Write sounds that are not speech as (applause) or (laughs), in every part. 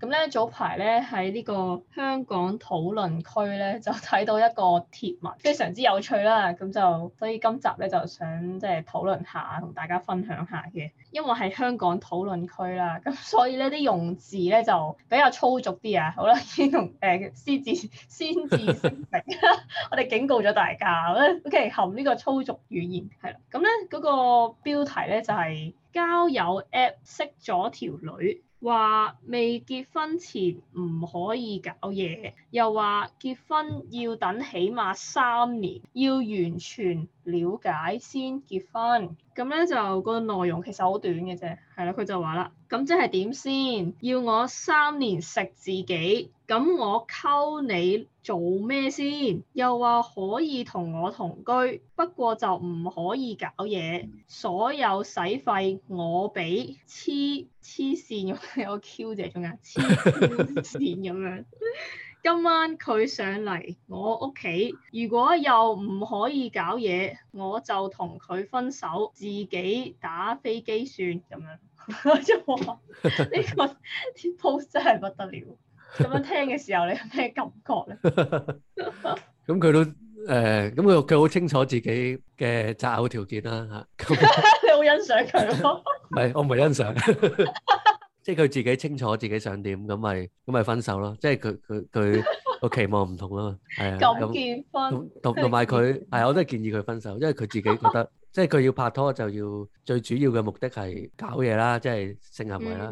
咁咧早排咧喺呢個香港討論區咧就睇到一個貼文，非常之有趣啦。咁就所以今集咧就想即係討論下，同大家分享下嘅。因為係香港討論區啦，咁所以咧啲用字咧就比較粗俗啲啊。好啦，先同誒先至先至聲明，先 (laughs) (laughs) 我哋警告咗大家，OK 含呢個粗俗語言係啦。咁咧嗰個標題咧就係、是、交友 App 識咗條女。話未結婚前唔可以搞嘢，又話結婚要等起碼三年，要完全。了解先結婚，咁咧就個內容其實好短嘅啫，係啦，佢就話啦，咁即係點先？要我三年食自己，咁我溝你做咩先？又話可以同我同居，不過就唔可以搞嘢，所有使費我俾，黐黐線咁樣，我 Q 姐仲間黐線咁樣。 (laughs) 今晚佢上嚟我屋企，如果又唔可以搞嘢，我就同佢分手，自己打飛機算咁樣。即係話呢個 post (laughs) 真係不得了。咁樣聽嘅時候， (laughs) 你有咩感覺咧？咁佢 (laughs) 都誒，咁佢佢好清楚自己嘅擇偶條件啦、啊、嚇。 (laughs) 你好欣賞佢咯？唔係，我唔係欣賞。 (laughs) 即係佢自己清楚自己想點，咁咪咁咪分手咯。即係佢佢佢個期望唔同啦嘛。係 (laughs) 啊，咁結婚同埋佢係，我都係建議佢分手，因為佢自己覺得。 (laughs) 即係佢要拍拖就要最主要嘅目的係搞嘢啦，即係性行為啦。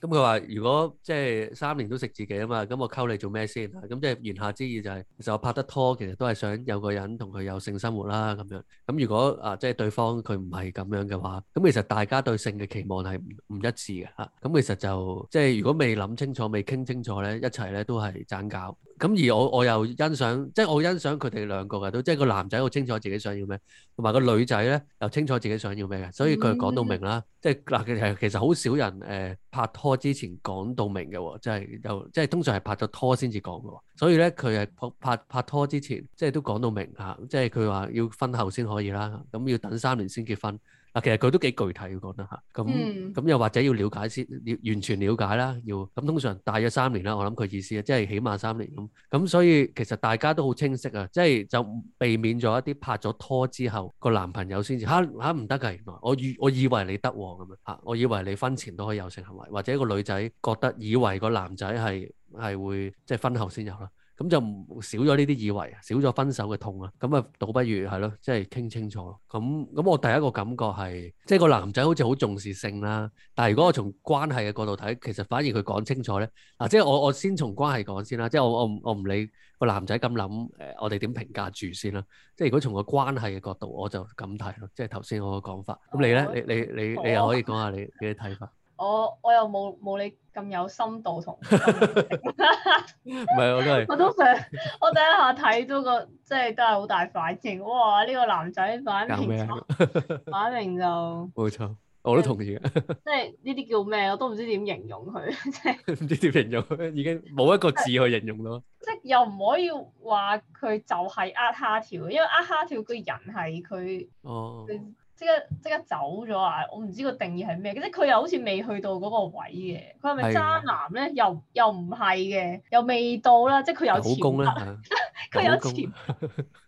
咁佢話如果即係三年都食自己啊嘛，咁我溝你做咩先？咁即係言下之意就係，其實我拍得拖其實都係想有個人同佢有性生活啦咁樣。咁如果啊即係對方佢唔係咁樣嘅話，咁其實大家對性嘅期望係唔一致嘅嚇。咁其實就即係如果未諗清楚、未傾清楚咧，一齊咧都係盞搞。咁而我我又欣賞，即係我欣賞佢哋兩個嘅都，即係個男仔好清楚自己想要咩，同埋個女仔咧又清楚自己想要咩嘅，所以佢係講到明啦， (music) 即係嗱，其實其實好少人誒、呃、拍拖之前講到明嘅喎，即係又即係通常係拍咗拖先至講嘅喎，所以咧佢係拍拍拖之前即係都講到明嚇，即係佢話要婚後先可以啦，咁要等三年先結婚。嗱，其實佢都幾具體講得嚇，咁咁又或者要了解先，要完全了解啦。要咁通常大約三年啦，我諗佢意思即係起碼三年咁。咁所以其實大家都好清晰啊，即係就避免咗一啲拍咗拖之後個男朋友先至嚇嚇唔得㗎。我以我以為你得喎咁樣嚇，我以為你婚前都可以有性行為，或者個女仔覺得以為個男仔係係會即係婚後先有啦。咁就唔少咗呢啲以為，少咗分手嘅痛啊！咁啊，倒不如係咯，即係傾清楚。咁咁，我第一個感覺係，即係個男仔好似好重視性啦。但係如果我從關係嘅角度睇，其實反而佢講清楚咧。嗱，啊，即係我我先從關係講先啦。即係我我唔我唔理個男仔咁諗，誒，我哋點評價住先啦。即係如果從個關係嘅角度，我就咁睇咯。即係頭先我嘅講法。咁你咧？你你你你又可以講下你嘅睇法。我我又冇冇你咁有深度同， (laughs) 唔係我真係我都想我第一下睇咗個即係都係好大反應，哇！呢、這個男仔反應，什 (laughs) 反應就冇錯，我都同意。 (laughs) 即係呢啲叫咩？我都唔知點形容佢，即係唔 (laughs) 知點形容，已經冇一個字去形容咯。即係、 (laughs) 就是、又唔可以話佢就係呃蝦條，ale，因為呃蝦條個人係佢哦。即刻即刻走咗啊！我唔知個定義係咩，即係佢又好似未去到嗰個位嘅，佢係咪渣男咧的？又又唔係嘅，又未到啦。即係佢有啦，佢 (laughs) 有佢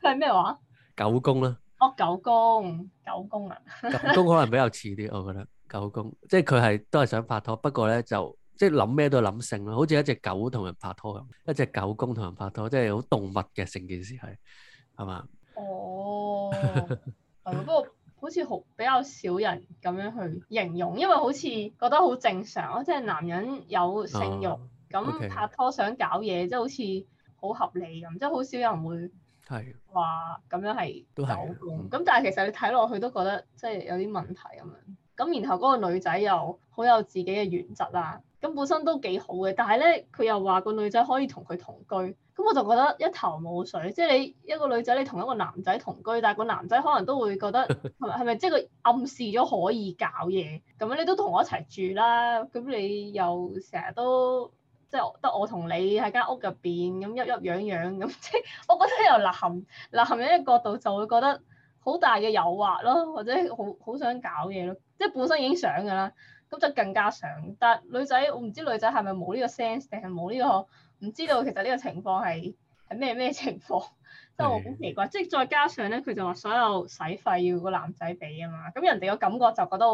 係咩話？狗公啦，公哦，狗公，狗公啊！狗 (laughs) 公可能比較似啲，我覺得狗公，即係佢係都係想拍拖，不過咧就即係諗咩都諗性咯，好似一隻狗同人拍拖咁，一隻狗公同人拍拖，即係好動物嘅成件事係係嘛？哦，係不過。好似好比較少人咁樣去形容，因為好似覺得好正常，即係男人有性慾，咁拍拖想搞嘢，即係好似好合理咁，即係好少人會話咁樣係搞咁。嗯、咁但係其實你睇落去都覺得即係有啲問題咁樣。咁然後嗰個女仔又好有自己嘅原則啦，咁本身都幾好嘅，但係咧佢又話個女仔可以同佢同居。咁我就覺得一頭霧水，即係你一個女仔，你同一個男仔同居，但係個男仔可能都會覺得係咪係咪即係佢暗示咗可以搞嘢，咁樣你都同我一齊住啦，咁你又成日都即係得我同你喺間屋入邊咁鬱鬱癢癢咁， (laughs) (laughs) 我覺得又男，男嘅角度就會覺得好大嘅誘惑咯，或者好好想搞嘢咯，即係本身已經想㗎啦，咁就更加想。但係女仔我唔知女仔係咪冇呢個 sense 定係冇呢個。唔知道其實呢個情況係係咩咩情況，即係我好奇怪，的即係再加上咧，佢就話所有使費要個男仔俾啊嘛，咁人哋個感覺就覺得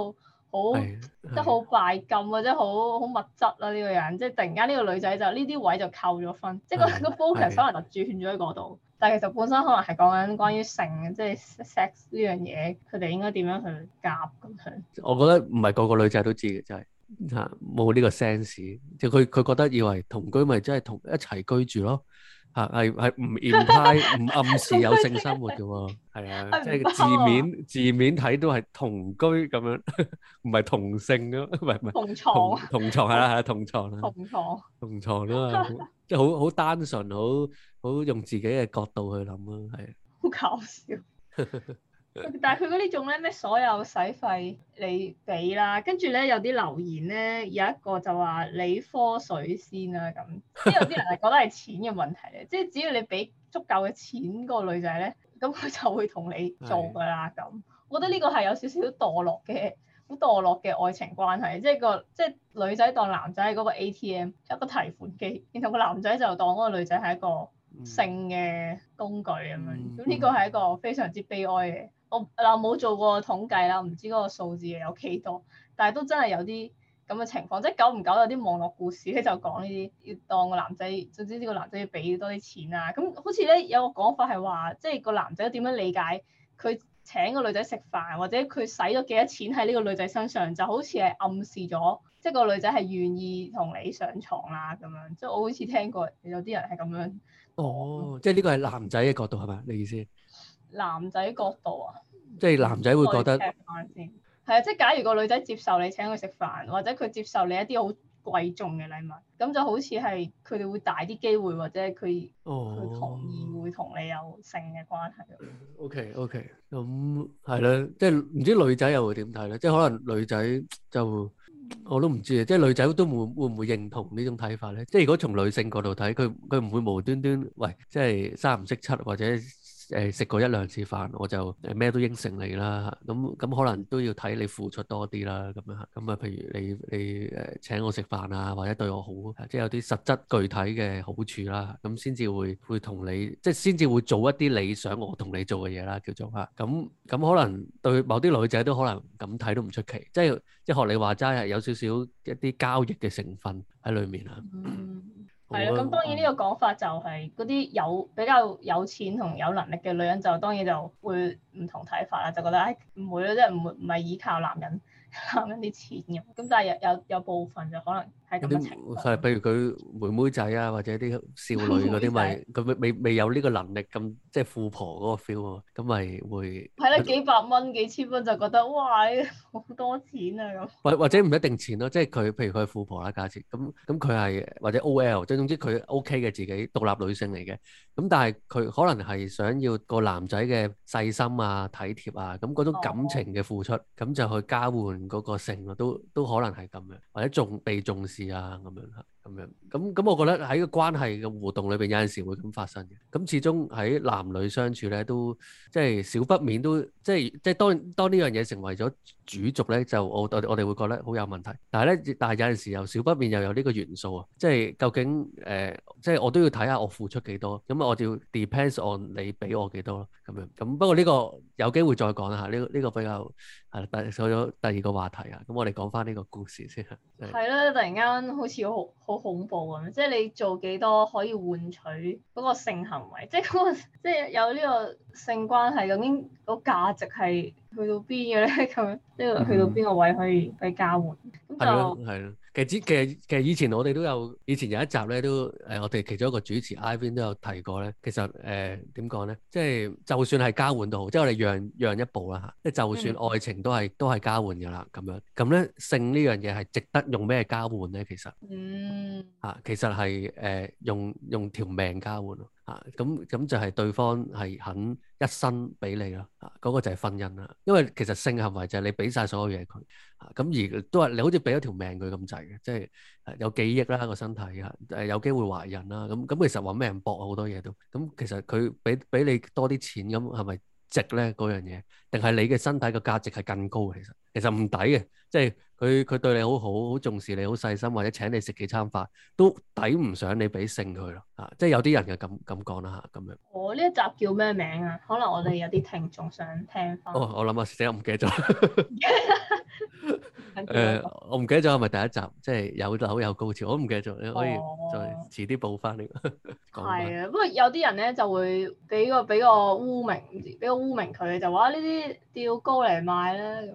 好，即係好拜金啊，即係好好物質啦呢個人，即係突然間呢個女仔就呢啲位就扣咗分，的即係個 focus 的 可能就轉咗喺嗰度，但係其實本身可能係講緊關於性，即係 sex 呢樣嘢，佢哋應該點樣去夾咁樣。我覺得唔係個個女仔都知嘅，真係。吓冇呢個 sense，即係佢佢覺得以為同居咪真係同一齊居住咯，吓係係唔 i m 唔暗示有性生活嘅喎。係啊， (laughs) 即係字面 (laughs) 字面睇都係同居咁樣，唔係同性咯，唔係唔係同床，同床係啦，係啊，同床啦，同床、啊、同床啦，即係好好單純，好好用自己嘅角度去諗咯，係好、啊、搞笑。 (laughs) 但係佢嗰啲仲咧咩？所有使費你俾啦，跟住咧有啲留言咧有一個就話你科水先啦、啊。」咁，即係有啲人係覺得係錢嘅問題咧， (laughs) 即係只要你俾足夠嘅錢個女仔咧，咁佢就會同你做㗎啦咁。我覺得呢個係有少少墮落嘅，好墮落嘅愛情關係，即係個即係女仔當男仔係嗰個 ATM 一個提款機，然後個男仔就當嗰個女仔係一個性嘅工具咁樣。咁呢、嗯、個係一個非常之悲哀嘅。我嗱冇做過統計啦，唔知嗰個數字有幾多，但係都真係有啲咁嘅情況，即係久唔久有啲網絡故事咧就講呢啲，要當個男仔，總之呢個男仔要俾多啲錢啊，咁好似咧有個講法係話，即係個男仔點樣理解佢請個女仔食飯，或者佢使咗幾多錢喺呢個女仔身上，就好似係暗示咗，即係個女仔係願意同你上床啦咁樣，即係我好似聽過有啲人係咁樣。哦，嗯，即係呢個係男仔嘅角度係咪？你意思？男仔角度啊，即係男仔會覺得，先，係啊，即係假如個女仔接受你請佢食飯，或者佢接受你一啲好貴重嘅禮物，咁就好似係佢哋會大啲機會，或者佢佢同意會同你有性嘅關係。哦、OK OK，咁係啦，即係唔知女仔又會點睇咧？即係可能女仔就我都唔知啊，即係女仔都會會唔會認同呢種睇法咧？即係如果從女性角度睇，佢佢唔會無端端喂，即係三唔識七或者。誒食過一兩次飯，我就咩都應承你啦。咁咁可能都要睇你付出多啲啦。咁樣咁啊，譬如你你誒請我食飯啊，或者對我好，即係有啲實質具體嘅好處啦。咁先至會會同你，即係先至會做一啲你想我同你做嘅嘢啦，叫做嚇。咁咁可能對某啲女仔都可能咁睇都唔出奇，即係即係學你話齋係有少少一啲交易嘅成分喺裏面啊。嗯。係啦，咁當然呢個講法就係嗰啲有比較有錢同有能力嘅女人就當然就會唔同睇法啦，就覺得誒唔、哎、會啦，即係唔會唔係依靠男人攬緊啲錢嘅，咁但係有有有部分就可能。有啲係，譬如佢妹妹仔啊，或者啲少女嗰啲咪，佢未未未有呢個能力咁，即係富婆嗰個 feel 喎，咁咪會係啦，幾百蚊、幾千蚊就覺得哇，好多錢啊咁。或或者唔一定錢咯，即係佢譬如佢係富婆啦，假設咁咁佢係或者 OL，即係總之佢 OK 嘅自己獨立女性嚟嘅，咁但係佢可能係想要個男仔嘅細心啊、體貼啊，咁嗰種感情嘅付出，咁就去交換嗰個性咯，都都可能係咁樣，或者仲被重視。啊，咁樣嚇，咁樣，咁咁，我覺得喺個關係嘅互動裏邊，有陣時會咁發生嘅。咁始終喺男女相處咧，都即係少不免都即係即係當當呢樣嘢成為咗。主軸咧，就我我哋會覺得好有問題，但係咧但係有陣時候又少不免又有呢個元素啊，即係究竟誒即係我都要睇下我付出幾多，咁我就要 depends on 你俾我幾多咯咁樣。咁不過呢個有機會再講啦嚇，呢個呢個比較係第所咗第二個話題啊。咁我哋講翻呢個故事先嚇。係啦，突然間好似好好恐怖咁，即係你做幾多可以換取嗰個性行為，即係嗰個即係有呢個性關係究竟個價值係？去到邊嘅咧咁樣，即 (laughs) 去到邊個位可以可以交換咁啊？係咯、嗯就，其實之其實其實以前我哋都有，以前有一集咧都誒、呃，我哋其中一個主持 Ivan 都有提過咧。其實誒點講咧，即、呃、係、就係、就算係交換都好，即係我哋讓讓一步啦吓，即、啊、係就算愛情都係、嗯、都係交換噶啦咁樣。咁咧性呢樣嘢係值得用咩交換咧？其實嗯吓、啊，其實係誒、呃、用用條命交換咯吓，咁、啊、咁、啊、就係對方係肯。一生俾你咯，嗰個就係婚姻啦。因為其實性行為就係你俾晒所有嘢佢，咁而都係你好似俾咗條命佢咁滯嘅，即係有記憶啦個身體啊，有機會懷孕啦。咁咁其實揾咩人搏好多嘢都。咁其實佢俾俾你多啲錢，咁係咪值咧嗰樣嘢？定係你嘅身體嘅價值係更高？其實？其實唔抵嘅，即係佢佢對你好好好重視你好細心，或者請你食幾餐飯，都抵唔上你俾性佢咯。啊，即係有啲人嘅咁咁講啦吓，咁樣。我呢、哦、一集叫咩名啊？可能我哋有啲聽眾想聽翻。哦，我諗下，死係我唔記得咗。誒，我唔記得咗係咪第一集？即係有樓有高潮，我唔記得咗。你可以再遲啲報翻呢個。係啊，不過有啲人咧就會俾個俾個污名，俾個污名佢，就話呢啲吊高嚟賣咧。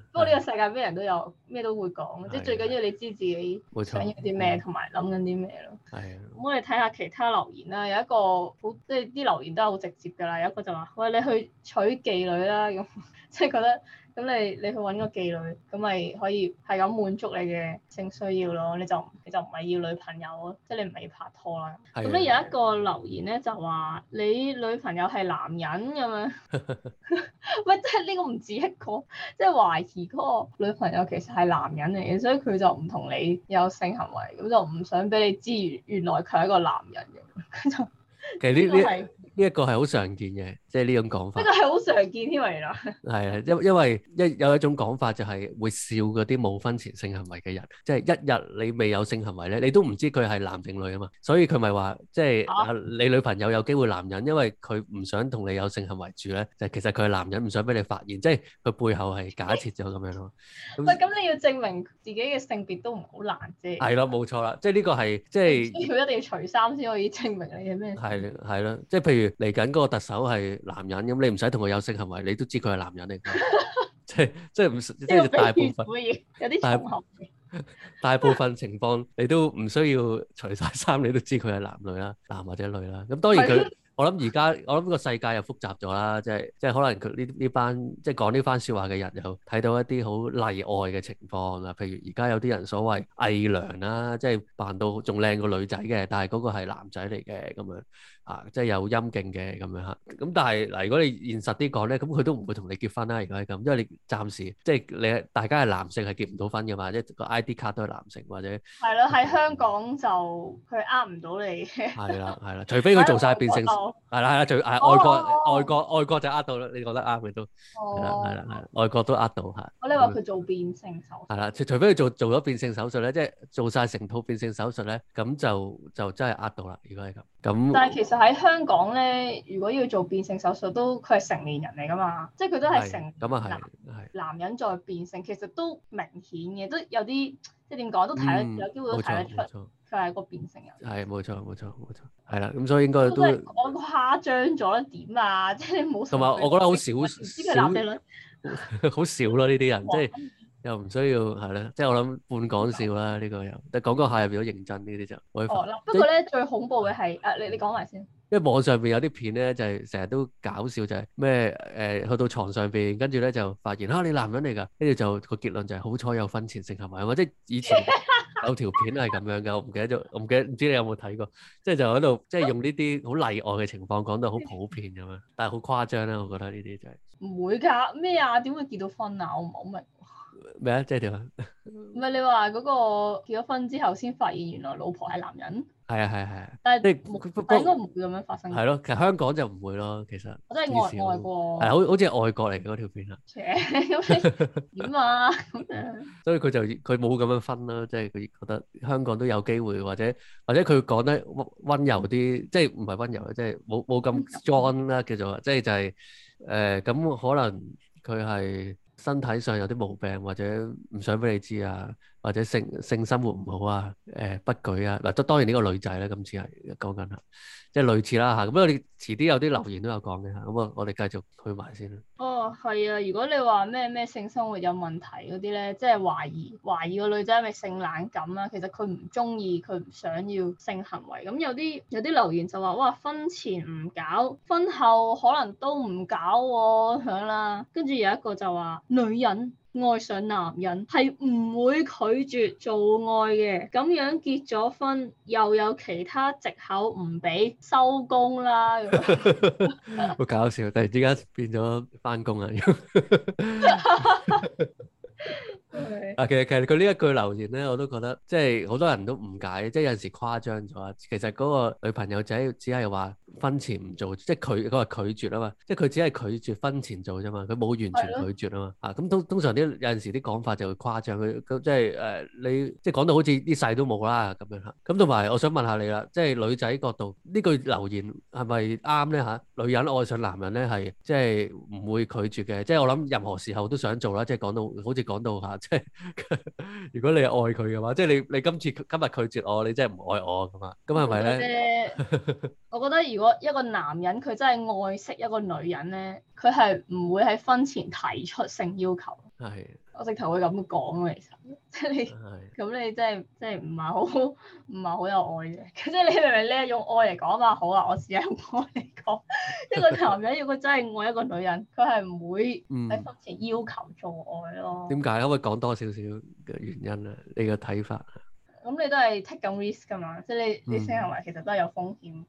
不過呢個世界咩人都有，咩都會講，哎、呀即係最緊要你知自己想要啲咩同埋諗緊啲咩咯。係錯，咁、哎、呀我哋睇下其他留言啦。有一個好，即係啲留言都係好直接㗎啦。有一個就話：喂，你去娶妓女啦咁，即 (laughs) 係覺得咁你你去揾個妓女咁咪可以係咁滿足你嘅性需要咯。你就你就唔係要女朋友，即、就、係、是、你唔係要拍拖啦。咁咧、哎、呀有一個留言咧就話：你女朋友係男人咁樣，喂，即係呢個唔止一個，即係懷疑。而嗰個女朋友其實係男人嚟嘅，所以佢就唔同你有性行為，咁就唔想俾你知原來佢係一個男人嘅。 (laughs) 其實呢呢呢一個係是好常見嘅。即係呢種講法，呢個係好常見添㗎。係啊，因因為一有一種講法就係會笑嗰啲冇婚前性行為嘅人，即係一日你未有性行為咧，你都唔知佢係男定女啊嘛。所以佢咪話，即係啊，你女朋友有機會男人，因為佢唔想同你有性行為住咧，就其實佢係男人，唔想俾你發現，即係佢背後係假設咗咁樣咯。喂，咁你要證明自己嘅性別都唔係好難啫。係咯，冇錯啦。即係呢個係即係佢一定要除衫先可以證明你係咩？係係咯，即係譬如嚟緊嗰個特首係。男人咁，你唔使同佢有性行為，你都知佢係男人嚟㗎，即即唔即係大部分。有啲 (laughs) 大部分情況 (laughs) 你都唔需要除晒衫，你都知佢係男女啦，男或者女啦。咁當然佢， (laughs) 我諗而家我諗個世界又複雜咗啦，即係即係可能佢呢呢班即係、就是、講呢番說話嘅人又睇到一啲好例外嘅情況啦。譬如而家有啲人所謂偽娘啦，即、就、係、是、扮到仲靚過女仔嘅，但係嗰個係男仔嚟嘅咁樣。啊，即係有陰莖嘅咁樣嚇，咁但係嗱，如果你現實啲講咧，咁佢都唔會同你結婚啦。如果係咁，因為你暫時即係你大家係男性係結唔到婚嘅嘛，即係個 ID 卡都係男性或者係啦，喺香港就佢呃唔到你嘅。係啦，係啦，除非佢做晒變性。係啦，係啦，除誒外國，外國，外國就呃到啦。你覺得呃佢都係啦，係啦，係外國都呃到嚇。我你話佢做變性手術？係啦，除非佢做做咗變性手術咧，即係做晒成套變性手術咧，咁就就真係呃到啦。如果係咁，但係其實。喺香港咧，如果要做變性手術，都佢係成年人嚟㗎嘛，即係佢都係成男，係男人再變性，其實都明顯嘅，都有啲即係點講，都睇得有機會都睇得出佢係、嗯、個變性人。係冇錯冇錯冇錯，係啦，咁所以應該都係我誇張咗一點啊？即係冇同埋，我覺得好少，呢個男仔女，好少啦呢啲人話即係。又唔需要係咧，即係我諗半講笑啦，呢、這個又，但係講講下入邊都認真呢啲就。哦，不過咧即最恐怖嘅係，誒、啊，你你講埋先。因為網上邊有啲片咧，就係成日都搞笑，就係咩誒去到床上邊，跟住咧就發現啊，你男人嚟噶，跟住就個結論就係、是、好彩有婚前性行為啊嘛，即以前有條片係咁樣噶， (laughs) 我唔記得我唔記得，唔知你有冇睇過，即係就喺度即係用呢啲好例外嘅情況講到好普遍咁樣， (laughs) 但係好誇張咧，我覺得呢啲就係、是。唔會噶咩啊？點會結到婚啊？我唔明。咩啊？即係點啊？唔係、嗯、你話嗰個結咗婚之後先發現原來老婆係男人？係啊，係啊，係啊。啊啊、但係是，但係應該唔會咁樣發生。係咯，其實香港就唔會咯，其實。我真係外外國。係好好似外國嚟嗰條片啊。邪咁點啊？咁樣。 (laughs) 所以佢就佢冇咁樣分啦，即係佢覺得香港都有機會，或者或者佢講得温溫柔啲，嗯、即係唔係温柔啊，即係冇冇咁 strong 啦叫做，即係就係誒咁可能佢係。身體上有啲毛病，或者唔想俾你知啊。或者性性生活唔好啊，誒不舉啊，嗱都當然呢個女仔咧，今次係講緊啦，即係類似啦嚇，咁我哋遲啲有啲留言都有講嘅嚇，咁啊我哋繼續去埋先啦。哦，係啊，如果你話咩咩性生活有問題嗰啲咧，即係懷疑懷疑個女仔係咪性冷感啊？其實佢唔中意，佢唔想要性行為。咁有啲有啲留言就話哇，婚前唔搞，婚後可能都唔搞喎咁樣啦。跟住有一個就話女人。愛上男人係唔會拒絕做愛嘅，咁樣結咗婚又有其他藉口唔俾收工啦，好搞笑！突然之間變咗返工啊！Okay. 啊，其實其實佢呢一句留言咧，我都覺得即係好多人都誤解，即係有陣時誇張咗。其實嗰個女朋友仔只係話婚前唔做，即係佢佢話拒絕啊嘛，即係佢只係拒絕婚前做啫嘛，佢冇完全拒絕嘛 Yeah. 啊嘛、呃。啊，咁通通常啲有陣時啲講法就會誇張，佢佢即係誒，你即係講到好似啲世都冇啦咁樣吓。咁同埋我想問問下你啦，即係女仔角度呢句留言係咪啱咧？吓，女人愛上男人咧係即係唔會拒絕嘅，即係我諗任何時候都想做啦。即係講到好似講到吓。啊即係 (laughs) 如果你愛佢嘅話，即係你你今次今日拒絕我，你真係唔愛我啊嘛？咁係咪咧？我覺得如果一個男人佢真係愛惜一個女人咧，佢係唔會喺婚前提出性要求。係。我直頭會咁講咯，其實即係你咁，的你真係真係唔係好唔係好有愛嘅？即係你明唔明？呢用種愛嚟講嘛好啊，我試下用愛嚟講。一個男人 (laughs) 如果真係愛一個女人，佢係唔會喺婚前要求做愛咯。嗯嗯、為因為講點解？可唔可以講多少少嘅原因啊？你嘅睇法。咁你都係 take 咁 risk 噶嘛？即係你你成日話其實都係有風險，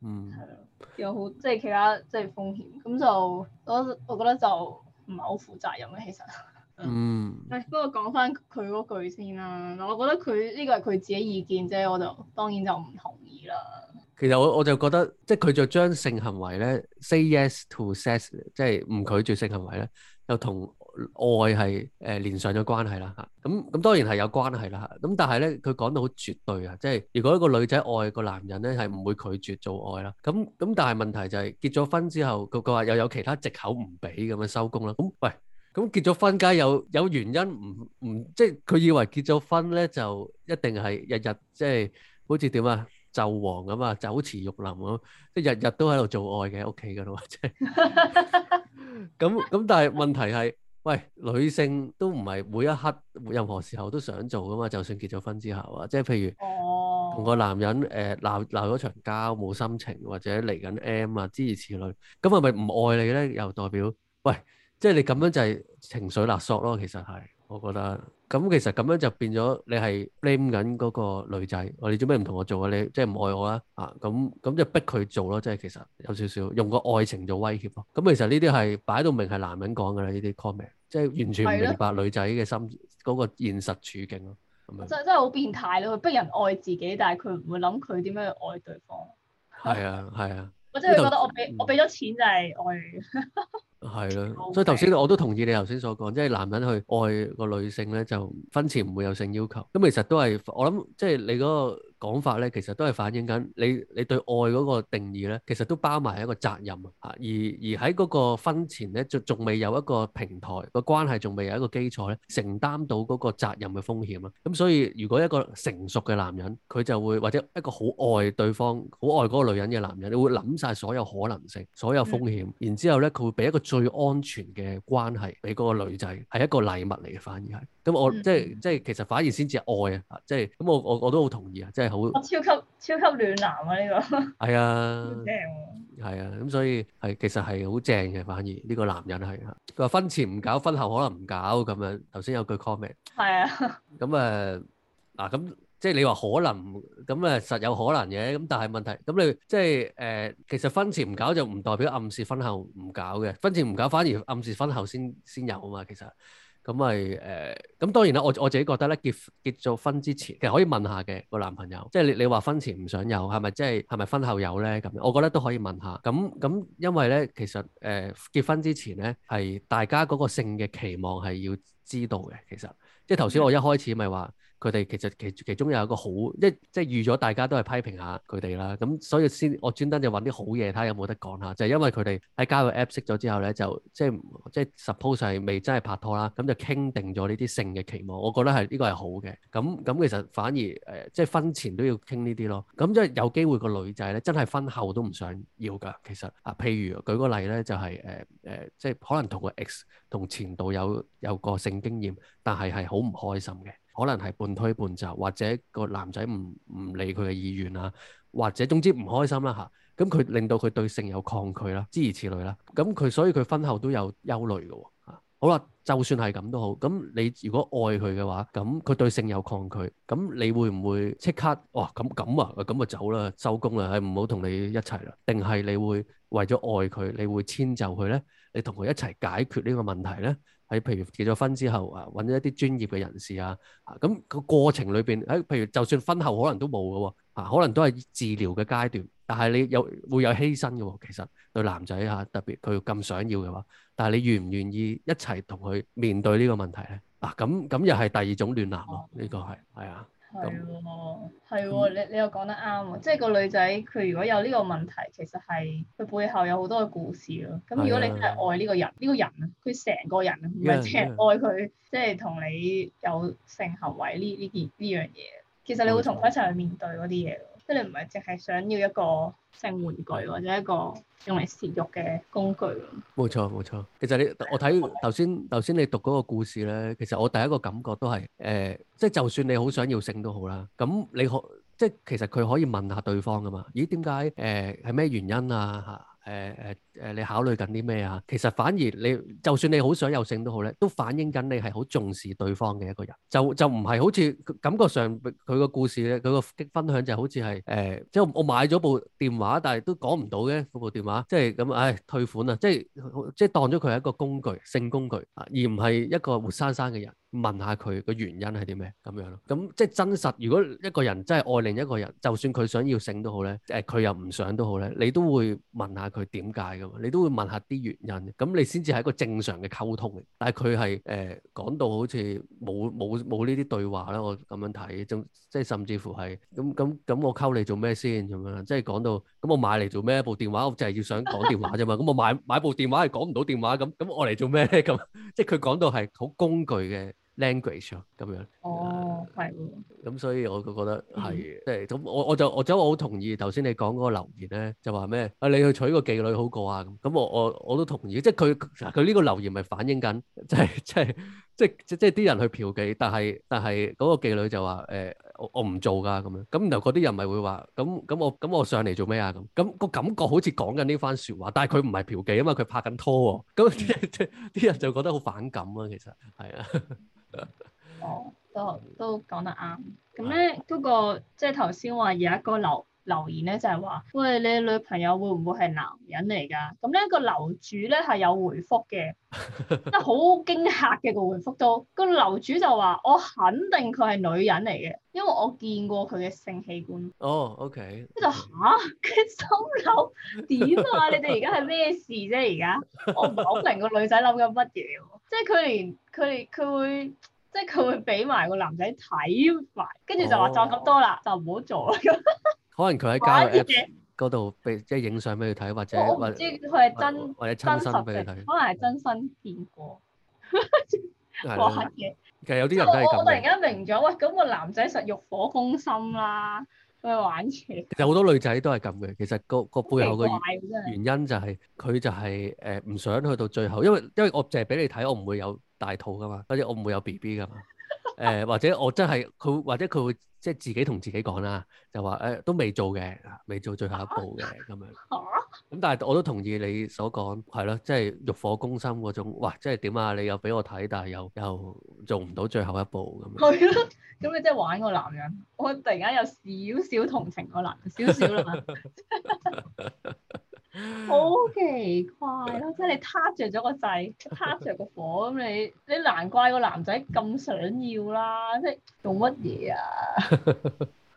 嗯，有好即係其他即係風險。咁就我我覺得就唔係好負責任嘅，其實。嗯、哎，不過講翻佢嗰句先啦，我覺得佢呢個係佢自己意見啫，我就當然就唔同意啦。其實我我就覺得，即係佢就將性行為咧，say yes to sex，即係唔拒絕性行為咧，又同愛係誒、呃、連上咗關係啦吓。咁咁當然係有關係啦。咁但係咧，佢講到好絕對啊，即、就、係、是、如果一個女仔愛個男人咧，係唔會拒絕做愛啦。咁咁但係問題就係、是、結咗婚之後，佢佢話又有其他借口唔俾咁樣收工啦。咁喂。咁結咗婚，梗係有有原因唔唔，即係佢以為結咗婚咧就一定係日日即係好似點啊？紂王咁啊，酒池玉林咁，即係日日都喺度做愛嘅屋企嗰度，即係咁咁。 (laughs) (laughs) 但係問題係，喂，女性都唔係每一刻、任何時候都想做噶嘛。就算結咗婚之後啊，即係譬如同個男人誒鬧鬧咗場交，冇心情，或者嚟緊 M 啊，諸如此類，咁係咪唔愛你咧？又代表喂？即係你咁樣就係情緒勒索咯，其實係，我覺得咁其實咁樣就變咗你係 blame 緊嗰個女仔，我你做咩唔同我做我啊？你即係唔愛我啦啊！咁咁就逼佢做咯，即係其實有少少用個愛情做威脅咯。咁其實呢啲係擺到明係男人講㗎啦，呢啲 comment 即係完全唔明白女仔嘅心嗰的個現實處境咯。真真係好變態咯！佢逼人愛自己，但係佢唔會諗佢點樣去愛對方。係 (laughs) 啊，係啊。我真係覺得我俾我俾咗錢就係愛，係咯，所以頭先我都同意你頭先所講，即係男人去愛個女性咧，就婚前唔會有性要求。咁其實都係我諗，即係你嗰個。講法咧，其實都係反映緊你你對愛嗰個定義咧，其實都包埋一個責任啊！而而喺嗰個婚前咧，仲仲未有一個平台，個關係仲未有一個基礎咧，承擔到嗰個責任嘅風險啦。咁、啊嗯、所以，如果一個成熟嘅男人，佢就會或者一個好愛對方、好愛嗰個女人嘅男人，你會諗晒所有可能性、所有風險，然之後咧，佢會俾一個最安全嘅關係俾嗰個女仔，係一個禮物嚟嘅，反而係。咁我即係即係，其實反而先至愛啊！即係咁，我我我都好同意啊！即係好，超級超級暖男啊！呢、這個係啊，正係啊，咁所以係其實係好正嘅，反而呢、這個男人係嚇。佢話婚前唔搞，婚後可能唔搞咁樣。頭先有句 comment 係啊。咁誒嗱，咁、啊、即係你話可能咁誒實有可能嘅。咁但係問題咁你即係誒、呃，其實婚前唔搞就唔代表暗示婚後唔搞嘅。婚前唔搞反而暗示婚後先先有啊嘛，其實。咁咪誒，咁、嗯嗯、當然啦，我我自己覺得咧，結結咗婚之前，其實可以問下嘅個男朋友，即係你你話婚前唔想有，係咪即係係咪婚後有咧？咁樣我覺得都可以問下。咁、嗯、咁、嗯，因為咧，其實誒、呃、結婚之前咧，係大家嗰個性嘅期望係要知道嘅。其實，即係頭先我一開始咪話。佢哋其實其其中有一個好，即即預咗大家都係批評下佢哋啦，咁所以先我專登就揾啲好嘢睇下，有冇得講下？就係因為佢哋喺交友 App 識咗之後咧，就即即 suppose 係未真係拍拖啦，咁就傾定咗呢啲性嘅期望。我覺得係呢個係好嘅。咁咁其實反而誒，即婚前都要傾呢啲咯。咁即有機會個女仔咧，真係婚後都唔想要噶。其實啊，譬如舉個例咧，就係誒誒，即可能同個 ex 同前度有有個性經驗，但係係好唔開心嘅。可能係半推半就，或者個男仔唔唔理佢嘅意願啦，或者總之唔開心啦嚇，咁、啊、佢令到佢對性有抗拒啦，諸如此類啦，咁佢所以佢婚後都有憂慮嘅喎、哦啊、好啦，就算係咁都好，咁你如果愛佢嘅話，咁佢對性有抗拒，咁你會唔會即刻哇咁咁啊咁、嗯啊嗯啊嗯、就走啦收工啦，係唔好同你一齊啦？定係你會為咗愛佢，你會遷就佢咧？你同佢一齊解決呢個問題咧？喺譬如結咗婚之後啊，揾咗一啲專業嘅人士啊，咁個過程裏邊，誒譬如就算婚後可能都冇嘅喎，啊可能都係治療嘅階段，但係你有會有犧牲嘅喎，其實對男仔嚇、啊、特別佢咁想要嘅話，但係你願唔願意一齊同佢面對呢個問題咧？嗱、啊，咁咁又係第二種亂男咯，呢個係係啊。係喎，係喎， (noise) 你你又講得啱喎，即係個女仔佢如果有呢個問題，其實係佢背後有好多嘅故事咯。咁如果你真係愛呢個人，呢個人啊，佢成個人啊，唔係淨係愛佢， (noise) 即係同你有性行為呢呢件呢樣嘢，其實你會同佢一齊去面對嗰啲嘢。即係你唔係淨係想要一個性玩具或者一個用嚟泄欲嘅工具。冇錯冇錯，其實你我睇頭先頭先你讀嗰個故事咧，其實我第一個感覺都係誒，即、欸、係就算你好想要性都好啦，咁你可即係其實佢可以問下對方㗎嘛？咦，點解誒係咩原因啊？嚇！誒誒誒，你考慮緊啲咩啊？其實反而你，就算你好想有性都好咧，都反映緊你係好重視對方嘅一個人。就就唔係好似感覺上佢個故事咧，佢個激分享就好似係誒，即、呃、係我買咗部電話，但係都講唔到嘅嗰部電話，即係咁唉退款啊！即係即係當咗佢係一個工具，性工具啊，而唔係一個活生生嘅人。問下佢個原因係啲咩咁樣咯？咁即係真實。如果一個人真係愛另一個人，就算佢想要性都好咧，誒佢又唔想都好咧，你都會問下佢點解噶嘛？你都會問下啲原因。咁你先至係一個正常嘅溝通。但係佢係誒講到好似冇冇冇呢啲對話啦。我咁樣睇，仲即係甚至乎係咁咁咁，我溝你做咩先咁樣？即係講到咁我買嚟做咩？部電話我就係要想講電話啫嘛。咁我買買部電話係講唔到電話咁，咁我嚟做咩咧？咁即係佢講到係好工具嘅。language 啊，咁樣、uh, 哦，係咁所以我就覺得係，即係咁我我就我真係我好同意頭先你講嗰個留言咧，就話咩啊？你去娶個妓女好過啊咁。咁我我我都同意，即係佢佢呢個留言咪反映緊，即係即係即即即啲人去嫖妓，但係但係嗰個妓女就話誒、欸、我唔做㗎咁樣。咁然後嗰啲人咪會話，咁咁我咁我上嚟做咩啊？咁咁個感覺好似講緊呢番説話，但係佢唔係嫖妓啊嘛，佢拍緊拖喎、哦。咁啲啲人就覺得好反感啊，其實係啊。 (laughs) (laughs) 哦，都都講得啱。咁咧， (laughs) 嗰、嗰個即係頭先話有一個樓。留言咧就係，是，話喂，你女朋友會唔會係男人嚟㗎？咁呢一個樓主咧係有回覆嘅， (laughs) 即係好驚嚇嘅個回覆都，這個樓主就話我肯定佢係女人嚟嘅，因為我見過佢嘅性器官。哦，oh，OK，跟住嚇，佢，啊，心諗點啊？你哋而家係咩事啫，啊？而家我唔係好明個女仔諗緊乜嘢，即係佢連佢佢會，會即係佢會俾埋個男仔睇埋，跟住就話做咁多啦，就唔好做啦咁。可能佢喺交友 app 嗰度俾即係影相俾你睇，或者或者親身俾你睇，可能係親身見過玩嘢。其實有啲人都係咁。我我突然間明咗，喂，咁個男仔實欲火攻心啦，去玩嘢。有好多女仔都係咁嘅。其實個個背後嘅原因就係佢就係誒唔想去到最後，因為因為我淨係俾你睇，我唔會有大肚噶嘛，或者我唔會有 BB 噶嘛。誒、 (laughs) 呃、或者我真係佢或者佢會即係自己同自己講啦，就話誒、欸、都未做嘅，未做最後一步嘅咁樣。咁、嗯、但係我都同意你所講係咯，即係欲火攻心嗰種。哇！即係點啊？你又俾我睇，但係又又做唔到最後一步咁。係咯，咁你即係玩個男人。我突然間有少少同情個男少少啦嘛。好奇怪咯，即係你撻着咗個掣，撻着個火，咁你你難怪個男仔咁想要啦，即係做乜嘢啊？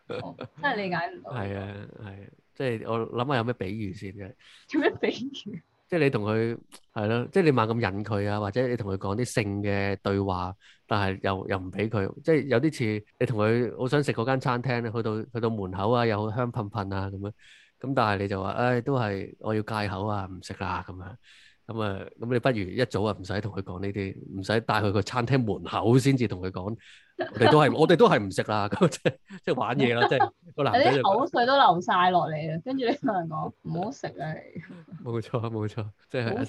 (laughs) oh, 真係理解唔到。係 (laughs) 啊係啊，即係我諗下有咩比喻先嘅。做咩比喻？即係你同佢係咯，即係你猛咁引佢啊，或者你同佢講啲性嘅對話，但係又又唔俾佢，即係有啲似你同佢好想食嗰間餐廳，去到去到門口啊，又好香噴噴啊，咁樣。咁但係你就話，唉、哎，都係我要戒口啊，唔食啦咁樣，咁啊，咁你不如一早啊唔使同佢講呢啲，唔使帶佢去個餐廳門口先至同佢講。我哋都係，我哋都係唔食啦，咁即係即係玩嘢啦，即係個男啲口水都流晒落嚟啦，跟住你同人講唔好食啊，冇錯冇錯，即係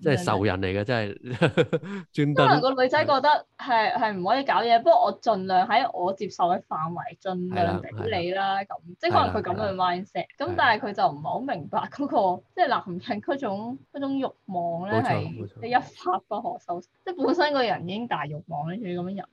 即係仇人嚟嘅，即係專登。可能個女仔覺得係係唔可以搞嘢，不過我盡量喺我接受嘅範圍，盡量俾你啦，咁即係可能佢咁樣 mindset，咁但係佢就唔係好明白嗰個即係男人嗰種嗰種慾望咧係一發不可收拾，即係本身個人已經大慾望咧，仲要咁樣飲。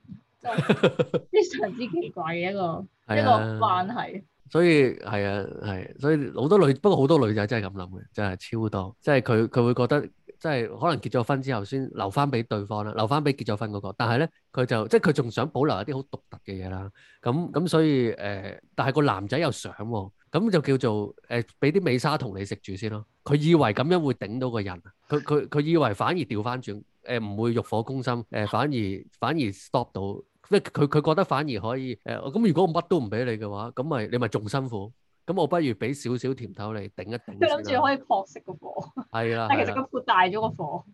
(laughs) 非常之奇怪嘅一個、啊、一個關係，所以係啊，係、啊，所以好多女不過好多女仔真係咁諗嘅，真係超多，即係佢佢會覺得即係、就是、可能結咗婚之後先留翻俾對方啦，留翻俾結咗婚嗰、那個，但係咧佢就即係佢仲想保留一啲好獨特嘅嘢啦，咁咁所以誒、呃，但係個男仔又想喎、哦，咁就叫做誒俾啲美沙酮你食住先咯，佢以為咁樣會頂到個人，佢佢佢以為反而掉翻轉。誒唔、呃、會欲火攻心，誒、呃、反而反而 stop 到，即係佢佢覺得反而可以誒，咁、呃、如果我乜都唔俾你嘅話，咁咪你咪仲辛苦，咁我不如俾少少甜頭你頂一頂。佢諗住可以撲熄個火。係啦， (laughs) 但其實佢擴大咗個火。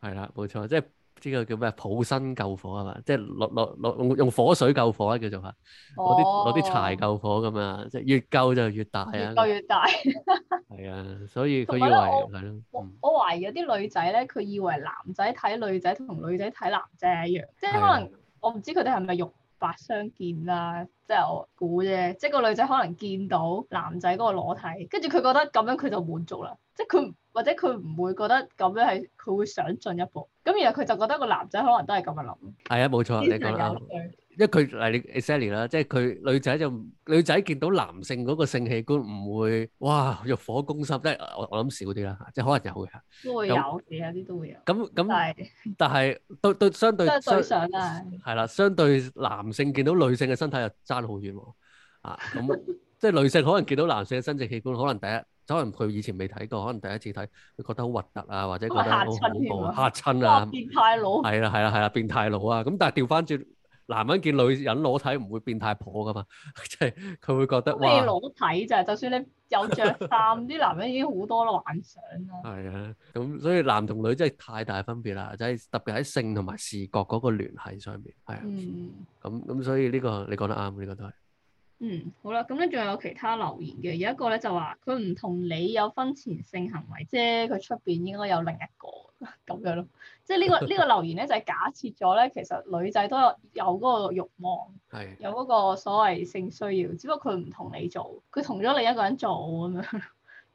係 (laughs) 啦，冇錯，即係。呢個叫咩？抱薪救火係嘛？即係落落落用用火水救火咧叫做啊！攞啲攞啲柴救火咁啊！即係、哦、越救就越大啊！越救越大。係 (laughs) 啊，所以佢以為係咯。我、啊、我懷疑有啲女仔咧，佢以為男仔睇女仔同女仔睇男仔一樣，嗯、即係可能我唔知佢哋係咪用。白相見啦、啊，即係我估啫，即係個女仔可能見到男仔嗰個裸體，跟住佢覺得咁樣佢就滿足啦，即係佢或者佢唔會覺得咁樣係佢會想進一步，咁然後佢就覺得個男仔可能都係咁樣諗。係啊、哎，冇錯，之前 你講得啱。因為佢，例如 Elsie 啦，即係佢女仔就女仔見到男性嗰個性器官唔會哇欲火攻心，即係我我諗少啲啦，即係可能有嘅，都會有嘅，有啲也都會有。咁咁，但係都都相對相對上係係啦，相對，相對男性見到女性嘅身體又爭得好遠喎啊！咁即係女性可能見到男性嘅生殖器官，可能第一，可能佢以前未睇過，可能第一次睇，佢覺得好核突啊，或者覺得恐怖嚇親添啊嚇親啊，變態佬，係啦係啦係啦，變態佬啊！咁但係調翻轉。男人見女人裸體唔會變太婆噶嘛，即係佢會覺得哇。咩裸體就係， (laughs) 就算你有着衫，啲 (laughs) 男人已經好多咯幻想咯。係啊，咁所以男同女真係太大分別啦，就係、是、特別喺性同埋視覺嗰個聯繫上面，係啊。咁咁、嗯、所以呢個你講得啱，呢、呢個都係。嗯，好啦，咁咧仲有其他留言嘅，有一個咧就話佢唔同你有婚前性行為啫，佢出邊應該有另一個。咁樣咯，即係、這個這個、呢個呢個留言咧，就係、是、假設咗咧，其實女仔都有有嗰個慾望，係 (laughs) 有嗰個所謂性需要，只不過佢唔同你做，佢同咗另一個人做咁樣，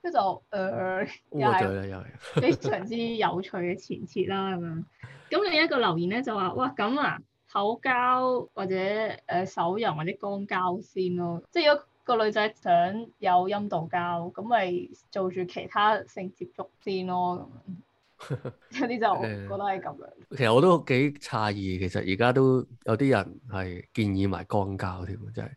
跟 (laughs) 住就誒、呃、又係非常之有趣嘅前設啦咁樣。咁 (laughs) (laughs) 另一個留言咧就話：哇，咁啊口交或者誒手淫或者肛交先咯，即係如果個女仔想有陰道交，咁咪做住其他性接觸先咯咁。有啲就我覺得係咁樣，其實我都幾詫異，其實而家都有啲人係建議埋光教添，真係。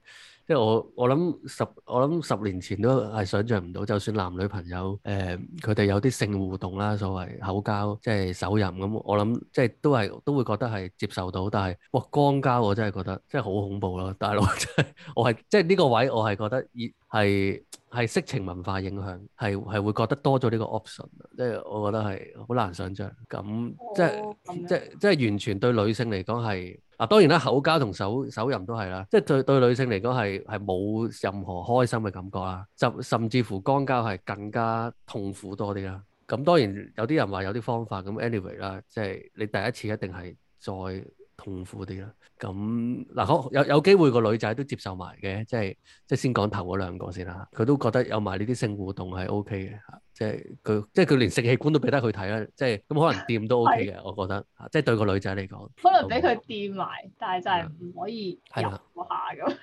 即係我，我諗十，我諗十年前都係想象唔到，就算男女朋友誒，佢、呃、哋有啲性互動啦，所謂口交，即係手淫咁，我諗即係都係都會覺得係接受到，但係，哇，肛交我真係覺得真係好恐怖咯！大佬真係，我係即係呢個位，我係覺得以係係色情文化影響，係係會覺得多咗呢個 option，即係我覺得係好難想象，咁即係、哦、即係是即係完全對女性嚟講係。嗱、啊，當然啦，口交同手手淫都係啦，即係對對女性嚟講係係冇任何開心嘅感覺啦，就甚至乎肛交係更加痛苦多啲啦。咁、嗯、當然有啲人話有啲方法咁，anyway 啦，即係你第一次一定係再痛苦啲啦。咁，嗱，好有有機會個女仔都接受埋嘅，即係即係先講頭嗰兩個先啦，佢都覺得有埋呢啲性互動係 OK 嘅。即係佢，即係佢連性器官都俾得佢睇啦。即係咁，可能掂都 O K 嘅， (laughs) 我覺得。即係對個女仔嚟講，可能俾佢掂埋，但係就係唔可以入下咁。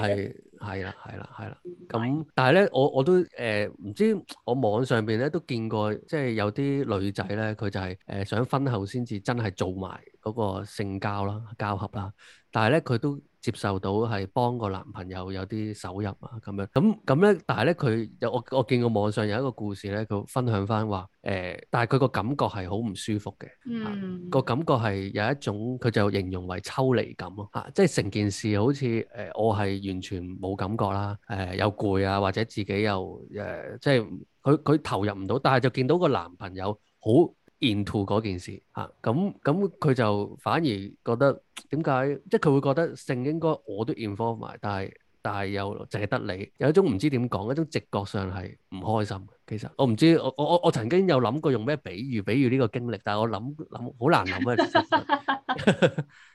係係啦，係啦，係啦。咁但係咧，我我都誒，唔知我網上邊咧都見過，即係有啲女仔咧，佢就係誒想婚後先至真係做埋嗰個性交啦、交合啦，但係咧佢都。接受到係幫個男朋友有啲收入啊咁樣，咁咁咧，但係咧佢有我我見過網上有一個故事咧，佢分享翻話誒，但係佢個感覺係好唔舒服嘅、嗯啊，個感覺係有一種佢就形容為抽離感咯嚇、啊，即係成件事好似誒、呃、我係完全冇感覺啦，誒、呃、又攰啊或者自己又誒、呃、即係佢佢投入唔到，但係就見到個男朋友好。into 嗰件事嚇，咁咁佢就反而覺得點解，即係佢會覺得性應該我都 inform 埋，但係但係又淨係得你，有一種唔知點講，一種直覺上係唔開心。其實我唔知道，我我我我曾經有諗過用咩比喻，比喻呢個經歷，但係我諗諗好難諗啊！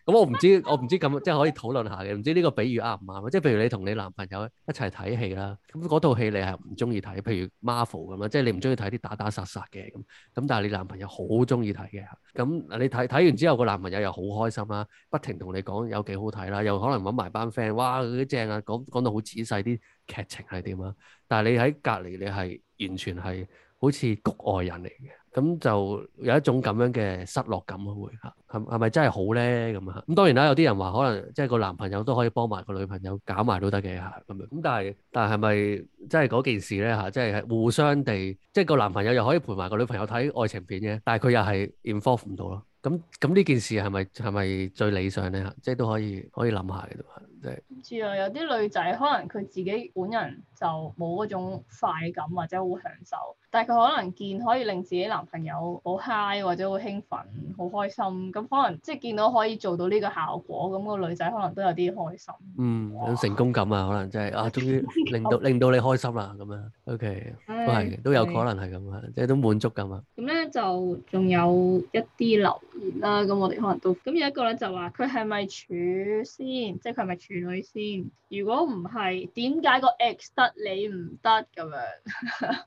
咁我唔知，我唔知咁，即係可以討論下嘅，唔知呢個比喻啱唔啱？即係譬如你同你男朋友一齊睇戲啦，咁嗰套戲你係唔中意睇，譬如 Marvel 咁啊，即係你唔中意睇啲打打殺殺嘅咁，咁但係你男朋友好中意睇嘅，咁你睇睇完之後個男朋友又好開心啦，不停同你講有幾好睇啦，又可能搵埋班 friend，哇，幾正啊，講講到好仔細啲。劇情係點啊？但係你喺隔離，你係完全係好似局外人嚟嘅。咁、嗯、就有一種咁樣嘅失落感咯，會嚇係咪真係好咧？咁啊咁當然啦，有啲人話可能即係個男朋友都可以幫埋個女朋友搞埋都得嘅嚇咁樣。咁但係但係係咪真係嗰件事咧嚇？即係係互相地，即係個男朋友又可以陪埋個女朋友睇愛情片嘅，但係佢又係 involve 唔到咯。咁咁呢件事係咪係咪最理想咧？即係都可以可以諗下嘅都係。唔、就是、知啊，有啲女仔可能佢自己本人就冇嗰種快感或者好享受。但係佢可能見可以令自己男朋友好嗨，或者好興奮、好開心，咁可能即係見到可以做到呢個效果，咁個女仔可能都有啲開心。嗯，有成功感啊，哇可能即係啊，終於令到 (laughs) 令到你開心啦咁樣。O.K. 都係對都有可能係咁啊，即係對都滿足感啊。咁咧就仲有一啲流。啦，咁我哋可能都咁有一個咧就話，佢係咪處先，即係佢係咪處女先？如果唔係，點解個 X 得你唔得咁樣？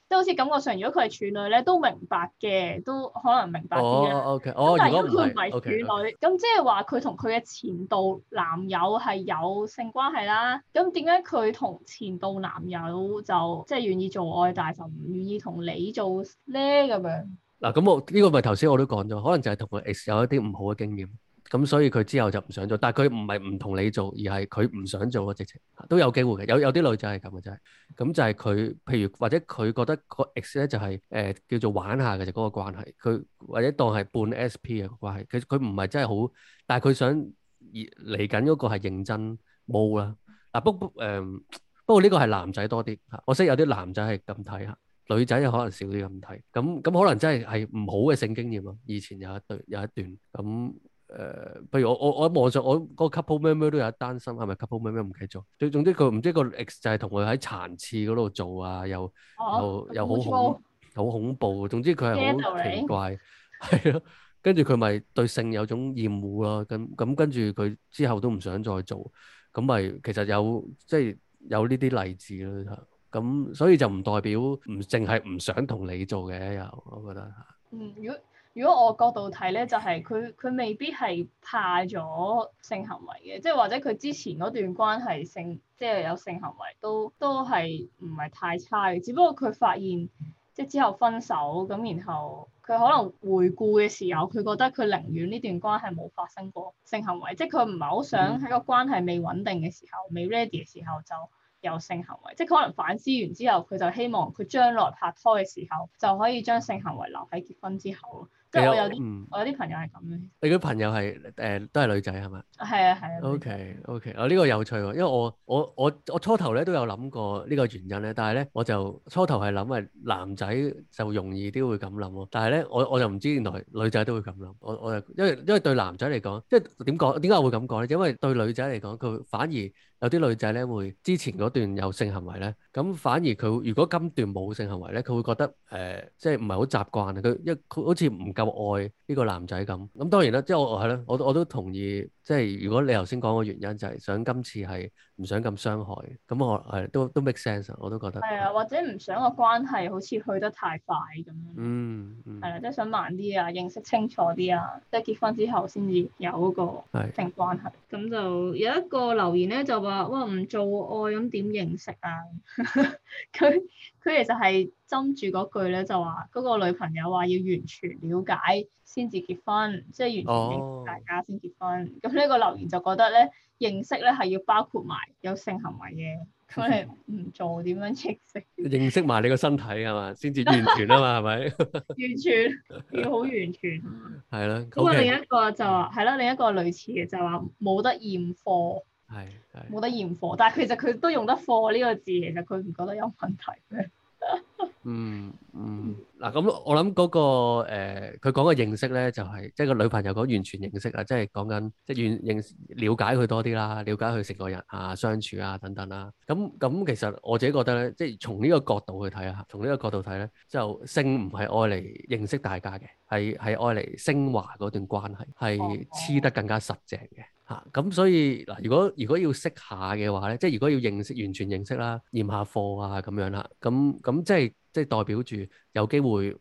即 (laughs) 係好似感覺上，如果佢係處女咧，都明白嘅，都可能明白嘅。OK，但係如果佢唔係處女，咁即係話佢同佢嘅前度男友係有性關係啦。咁點解佢同前度男友就即係、就是、願意做愛，但係就唔願意同你做咧咁樣？啊，咁我呢、這個咪頭先我都講咗，可能就係同佢 x 有一啲唔好嘅經驗，咁所以佢之後就唔想做。但係佢唔係唔同你做，而係佢唔想做嘅直情，都有機會嘅。有有啲女仔係咁嘅，就係、是、咁就係佢，譬如或者佢覺得個 x 咧就係、是、誒、呃、叫做玩下嘅就嗰個關係，佢或者當係半 SP 嘅、那個、關係。佢佢唔係真係好，但係佢想嚟緊嗰個係認真冇啦。嗱、啊不，呃、不過不過呢個係男仔多啲嚇，我識有啲男仔係咁睇嚇。女仔又可能少啲咁睇，咁咁可能真係係唔好嘅性經驗咯。以前有一對有一段咁誒、呃，譬如我我我喺網上，我嗰 couple 咩咩都有一單身，係咪 couple 咩咩唔記做？最總之佢唔知個 ex 就係同佢喺殘廁嗰度做啊，又又、啊哦、又好恐好、哦就是、恐怖，總之佢係好奇怪，係咯。跟住佢咪對性有種厭惡咯，咁咁跟住佢之後都唔想再做，咁咪其實有即係有呢啲例子咯。咁所以就唔代表唔淨係唔想同你做嘅，又我覺得嚇。嗯，如果如果我角度睇咧，就係佢佢未必係怕咗性行為嘅，即係或者佢之前嗰段關係性即係有性行為都都係唔係太差嘅。只不過佢發現即係之後分手咁，然後佢可能回顧嘅時候，佢覺得佢寧願呢段關係冇發生過性行為，即係佢唔係好想喺個關係未穩定嘅時候、嗯、未 ready 嘅時候就。有性行為，即係佢可能反思完之後，佢就希望佢將來拍拖嘅時候，就可以將性行為留喺結婚之後。即係、嗯、我有啲我有啲朋友係咁、嗯。你啲朋友係誒、呃、都係女仔係咪？係啊係啊。啊啊 OK OK，啊呢、呢個有趣喎，因為我我我我初頭咧都有諗過呢個原因咧，但係咧我就初頭係諗係男仔就容易啲會咁諗咯，但係咧我我就唔知原來女仔都會咁諗。我我就因為因為對男仔嚟講，即係點講？點解我會咁講咧？因為對女仔嚟講，佢反而。有啲女仔咧會之前嗰段有性行為咧，咁、嗯、反而佢如果今段冇性行為咧，佢會覺得誒、呃嗯，即係唔係好習慣啊！佢一佢好似唔夠愛呢個男仔咁。咁當然啦，即係我係啦，我都我都同意。即係如果你頭先講個原因就係想今次係唔想咁傷害，咁我係都都 make sense，我都覺得係啊，或者唔想個關係好似去得太快咁，嗯，嗯，係啦，即係想慢啲啊，認識清楚啲啊，即係結婚之後先至有嗰個性關係。咁的就有一個留言咧就話：哇，唔做愛咁點認識啊？佢。 (laughs) 佢其實係針住嗰句咧，就話嗰個女朋友話要完全了解先至結婚，即係完全大家先結婚。咁呢、哦、個留言就覺得咧認識咧係要包括埋有性行為嘅，佢係唔做點樣認識？嗯、 (laughs) 認識埋你個身體㗎嘛，先至完全啊嘛，係咪？完全要好完全。係啦 (laughs) (laughs) 了。咁啊，另一個就話係啦，Okay. 另一個類似嘅就話冇得驗貨。係，冇得驗貨，但係其實佢都用得貨呢個字，其實佢唔覺得有問題嘅、 (laughs) 嗯。嗯嗯，嗱咁，我諗嗰、那個誒，佢講嘅認識咧、就是，就係即係個女朋友講完全認識啊，即係講緊即係完認了解佢多啲啦，了解佢成個人啊，相處啊等等啦、啊。咁咁，其實我自己覺得咧，即係從呢個角度去睇啊，從呢個角度睇咧，就性唔係愛嚟認識大家嘅，係係愛嚟升華嗰段關係，係黐得更加實淨嘅。哦哦嚇咁、嗯、所以如果，如果要識下嘅話咧，即係如果要認識完全認識啦，驗下貨啊咁樣啦，咁、嗯、咁、嗯、即係即係代表住有機會。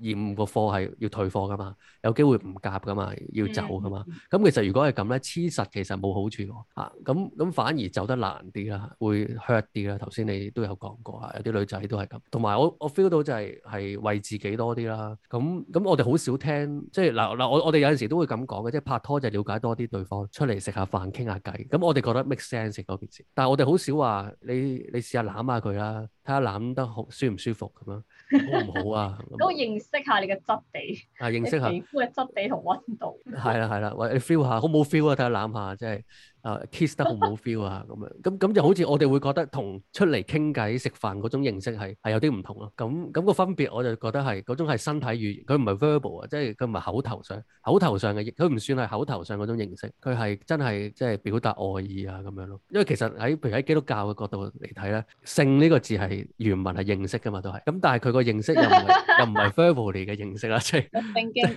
驗個貨係要退貨噶嘛，有機會唔夾噶嘛，要走噶嘛。咁其實如果係咁咧，黐實其實冇好處喎。咁、啊、咁反而走得難啲啦，會 hurt 啲啦。頭先你都有講過啊，有啲女仔都係咁。同埋我我 feel 到就係係為自己多啲啦。咁咁我哋好少聽，即係嗱嗱，我我哋有陣時都會咁講嘅，即係拍拖就了解多啲對方，出嚟食下飯傾下偈。咁我哋覺得 make sense 嗰件事，但係我哋好少話你你試下攬下佢啦。睇下攬得好舒唔舒服咁樣好唔好啊？咁認識下你嘅質地啊，認識下皮膚嘅質地同温度。係啦係啦，喂，你 feel 下，好冇 feel 啊？睇下攬下，真係。呃、kiss 得好冇 feel 啊，咁樣，咁咁就好似我哋會覺得出同出嚟傾偈食飯嗰種認識係有啲唔同咯。咁咁個分別，我就覺得係嗰種係身體語言，佢唔係 verbal 啊，即係佢唔係口頭上，口頭上嘅，佢唔算係口頭上嗰種認識，佢係真係即係表達愛意啊咁樣咯。因為其實喺譬如喺基督教嘅角度嚟睇咧，性呢個字係原文係認識噶嘛，都係。咁但係佢個認識又唔係 (laughs) 又唔係 verbal 嚟嘅認識啊，即係聖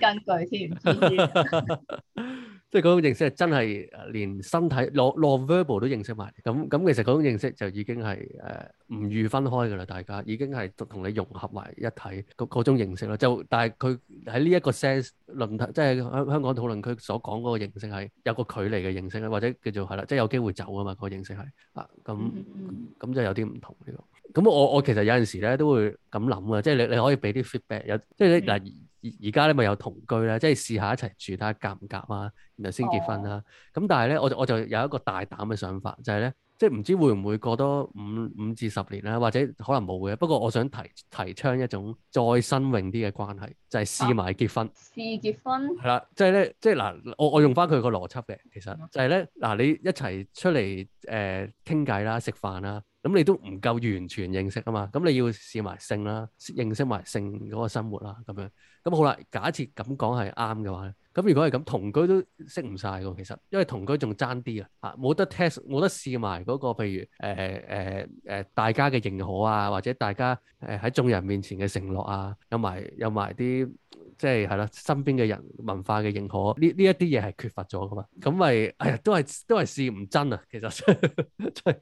經根據先。 (laughs) (laughs) 即係嗰種認識係真係連身體、non non verbal 都認識埋，咁咁其實嗰種認識就已經係誒唔預分開噶啦，大家已經係同你融合埋一體嗰嗰種認識啦。就但係佢喺呢一個 sense 論，即係香香港討論區所講嗰個認識係有個距離嘅認識啦，或者叫做係啦，即係有機會走啊嘛。嗰個認識係啊，咁咁、mm hmm. 就有啲唔同呢個。咁我我其實有陣時咧都會咁諗啊，即係你你可以俾啲 feedback 有，即係咧嗱。而家咧咪有同居啦，即係試下一齊住睇下夾唔夾啊，然後先結婚啦。咁、哦、但係咧，我就我就有一個大膽嘅想法，就係、是、咧，即係唔知會唔會過多五五至十年啦，或者可能冇嘅。不過我想提提倡一種再新穎啲嘅關係，就係試埋結婚。試、啊、結婚。係啦，即係咧，即係嗱，我我用翻佢個邏輯嘅，其實就係咧，嗱你一齊出嚟誒傾偈啦、食飯啦，咁你都唔夠完全認識啊嘛。咁你要試埋性啦，認識埋性嗰個生活啦，咁樣。咁好啦，假設咁講係啱嘅話咧，咁如果係咁同居都識唔晒嘅，其實因為同居仲爭啲啊，嚇冇得 test，冇得試埋嗰個，譬如誒誒誒大家嘅認可啊，或者大家誒喺、呃、眾人面前嘅承諾啊，有埋有埋啲。即係係啦，身邊嘅人文化嘅認可呢，呢一啲嘢係缺乏咗噶嘛，咁咪哎呀，都係都係試唔真啊，其實、 (laughs) 就是、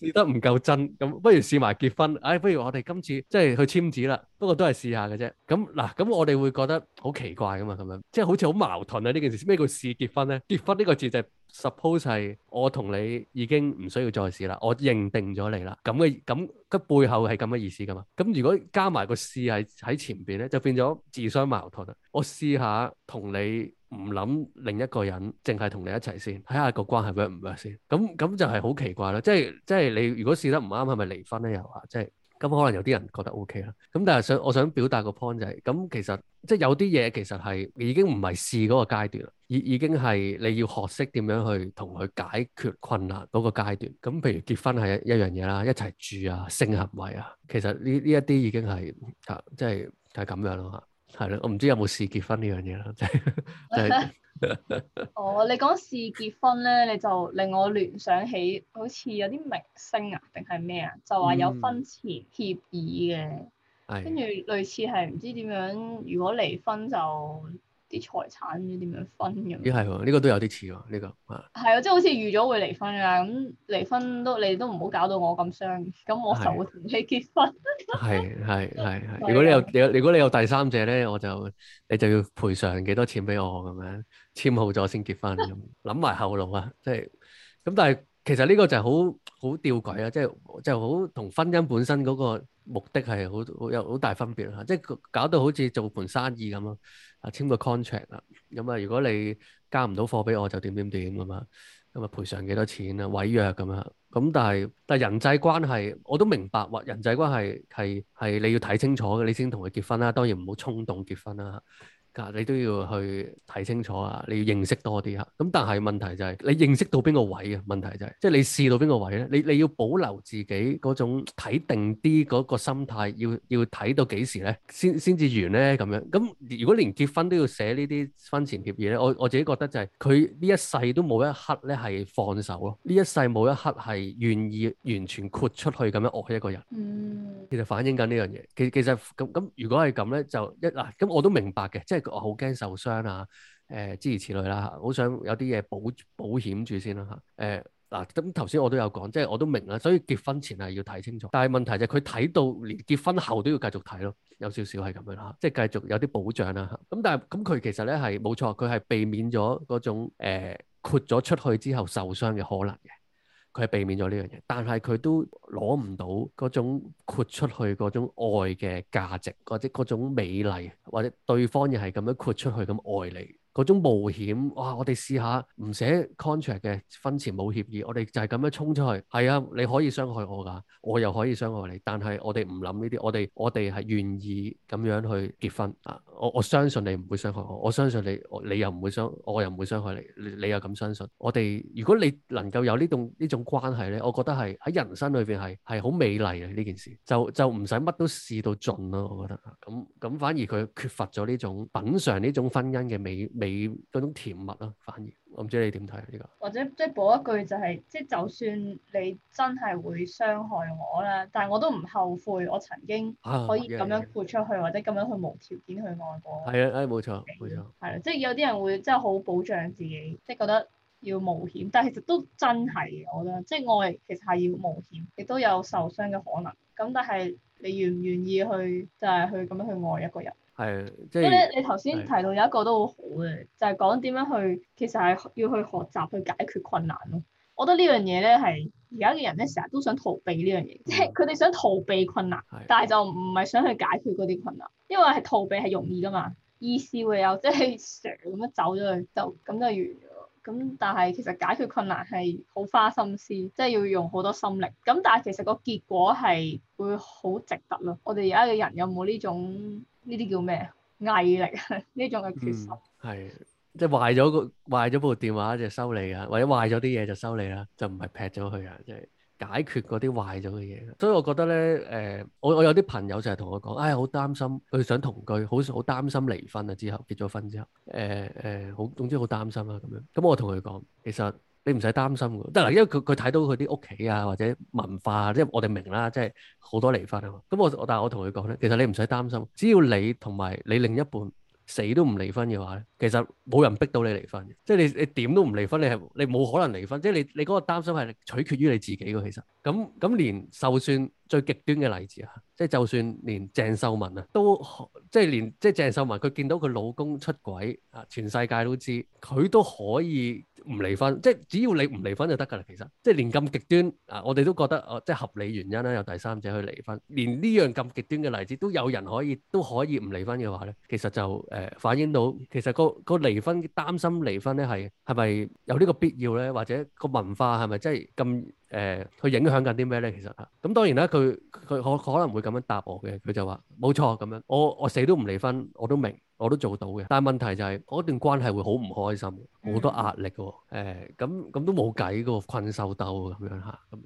試得唔夠真，咁不如試埋結婚，哎不如我哋今次即係去簽紙啦，不過都係試下嘅啫，咁嗱咁我哋會覺得好奇怪噶嘛，咁樣即係好似好矛盾啊呢件事，咩叫試結婚咧？結婚呢個字就係。Suppose 係我同你已經唔需要再試啦，我認定咗你啦。咁嘅咁嘅背後係咁嘅意思噶嘛？咁如果加埋個試係喺前邊咧，就變咗自相矛盾啦。我試下同你唔諗另一個人，淨係同你一齊先，睇下個關係 work 唔 work 先。咁咁就係好奇怪啦。即係即係你如果試得唔啱，係咪離婚咧又話？即係。咁可能有啲人覺得 OK 啦，咁但係想我想表達個 point 就係、係，咁其實即係、就係、有啲嘢其實係已經唔係試嗰個階段啦，已已經係你要學識點樣去同佢解決困難嗰個階段。咁譬如結婚係一一樣嘢啦，一齊住啊、性行為啊，其實呢呢一啲已經係嚇，即係係咁樣咯嚇，係咯，我唔知有冇試結婚呢樣嘢啦。即係即係 (laughs) 哦， (laughs) oh, 你講試結婚咧，你就令我聯想起，好似有啲明星啊，定係咩啊？就話有婚前協議嘅，跟住，嗯、類似係唔知點樣，如果離婚就。啲財產要點樣分咁？亦係呢個都有啲似喎，呢個啊，係啊，即係好似預咗會離婚㗎，咁離婚都你都唔好搞到我咁傷，咁我就會唔起結婚。係係係係， (laughs) 的如果你有如果你有第三者咧，我就你就要賠償幾多錢俾我咁樣簽好咗先結婚咁，諗埋 (laughs) 後路啊，即係咁，但係。其實呢個就係好好吊詭啊！即係即係好同婚姻本身嗰個目的係好好有好大分別吓，即係搞到好似做盤生意咁咯。啊，簽、啊、個 contract 啦，咁啊，如果你交唔到貨俾我就點點點咁啊，咁啊賠償幾多錢啊，違約咁啊。咁、啊啊、但係但係人際關係，我都明白話，人際關係係係你要睇清楚嘅，你先同佢結婚啦。當然唔好衝動結婚啦。啊啊！你都要去睇清楚啊，你要認識多啲吓、啊。咁但係問題就係、是、你認識到邊個位啊？問題就係、是、即係你試到邊個位咧？你你要保留自己嗰種睇定啲嗰個心態，要要睇到幾時咧，先先至完咧咁樣。咁、嗯、如果連結婚都要寫呢啲婚前協議咧，我我自己覺得就係佢呢一世都冇一刻咧係放手咯，呢一世冇一刻係願意完全豁出去咁樣愛一個人。嗯，其實反映緊呢樣嘢。其其實咁咁，如果係咁咧，就一嗱咁我都明白嘅，即係。我好驚受傷啊！誒、呃，諸如此類啦，好想有啲嘢保保險住先啦嚇。誒、呃，嗱，咁頭先我都有講，即係我都明啦，所以結婚前係要睇清楚。但係問題就係佢睇到連結婚後都要繼續睇咯，有少少係咁樣嚇，即係繼續有啲保障啦嚇。咁、嗯、但係咁佢其實咧係冇錯，佢係避免咗嗰種、呃、豁咗出去之後受傷嘅可能嘅。佢係避免咗呢樣嘢，但係佢都攞唔到嗰種豁出去嗰種愛嘅價值，或者嗰種美麗，或者對方亦係咁樣豁出去咁愛你。嗰種冒險，哇！我哋試下唔寫 contract 嘅婚前冇協議，我哋就係咁樣衝出去。係啊，你可以傷害我㗎，我又可以傷害你。但係我哋唔諗呢啲，我哋我哋係願意咁樣去結婚啊！我我相信你唔會傷害我，我相信你，你又唔會傷，我又唔會傷害你。你，你又咁相信？我哋如果你能夠有呢種呢種關係呢，我覺得係喺人生裏邊係係好美麗嘅呢件事，就就唔使乜都試到盡咯。我覺得，咁、啊、咁反而佢缺乏咗呢種品嚐呢種婚姻嘅美美。你嗰種甜蜜咯，反而我唔知你點睇呢個。或者即、就是、補一句就係、是，即、就是、就算你真係會傷害我啦，但我都唔後悔，我曾經可以咁樣豁出去，啊、或者咁樣去無條件去愛過。係啊，誒冇錯，冇錯，係啦，即、就是、有啲人會真係好保障自己，即、就是、覺得要冒險，但其實都真係，我覺得即、就是、愛其實係要冒險，亦都有受傷嘅可能。咁但係你願唔願意去，就係去咁樣去愛一個人？係，即係咧，你頭先提到有一個都好好嘅，就係講點樣去，其實係要去學習去解決困難咯。我覺得呢樣嘢咧係而家嘅人咧成日都想逃避呢樣嘢，即係佢哋想逃避困難，但係就唔係想去解決嗰啲困難，因為係逃避係容易噶嘛，easy way out，即係想咁樣走咗去就咁就完。咁但係其實解決困難係好花心思，即係要用好多心力。咁但係其實個結果係會好值得咯。我哋而家嘅人有冇呢種呢啲叫咩毅力呢種嘅決心？係即係壞咗個壞咗部電話就收你啊，或者壞咗啲嘢就收你啦，就唔係劈咗佢啊，即係。解決嗰啲壞咗嘅嘢，所以我覺得咧，誒、呃，我我有啲朋友成日同我講，唉、哎，好擔心，佢想同居，好好擔心離婚啊，之後結咗婚之後，誒、呃、誒，好、呃，總之好擔心啦、啊、咁樣。咁我同佢講，其實你唔使擔心嘅，得啦，因為佢佢睇到佢啲屋企啊或者文化、啊，即係我哋明啦，即係好多離婚啊嘛。咁我我但係我同佢講咧，其實你唔使擔心，只要你同埋你另一半。死都唔離婚嘅話咧，其實冇人逼到你離婚，即係你你點都唔離婚，你係你冇可能離婚，即係你你嗰個擔心係取決於你自己嘅其實。咁咁連就算最極端嘅例子啊，即係就算連鄭秀文啊都即係連即係鄭秀文佢見到佢老公出軌啊，全世界都知，佢都可以。唔離婚，即係只要你唔離婚就得㗎啦。其實，即係連咁極端啊，我哋都覺得哦，即係合理原因啦，有第三者去離婚。連呢樣咁極端嘅例子都有人可以都可以唔離婚嘅話咧，其實就誒、呃、反映到其實、個個離婚擔心離婚咧係係咪有呢個必要咧？或者個文化係咪即係咁誒去影響緊啲咩咧？其實啊，咁當然啦，佢佢可可能會咁樣答我嘅，佢就話冇錯咁樣，我我死都唔離婚，我都明。我都做到嘅，但係問題就係、是、嗰段關係會好唔開心，好多壓力喎、哦。誒、嗯，咁咁、欸、都冇計嘅困獸鬥咁、哦、樣嚇，咁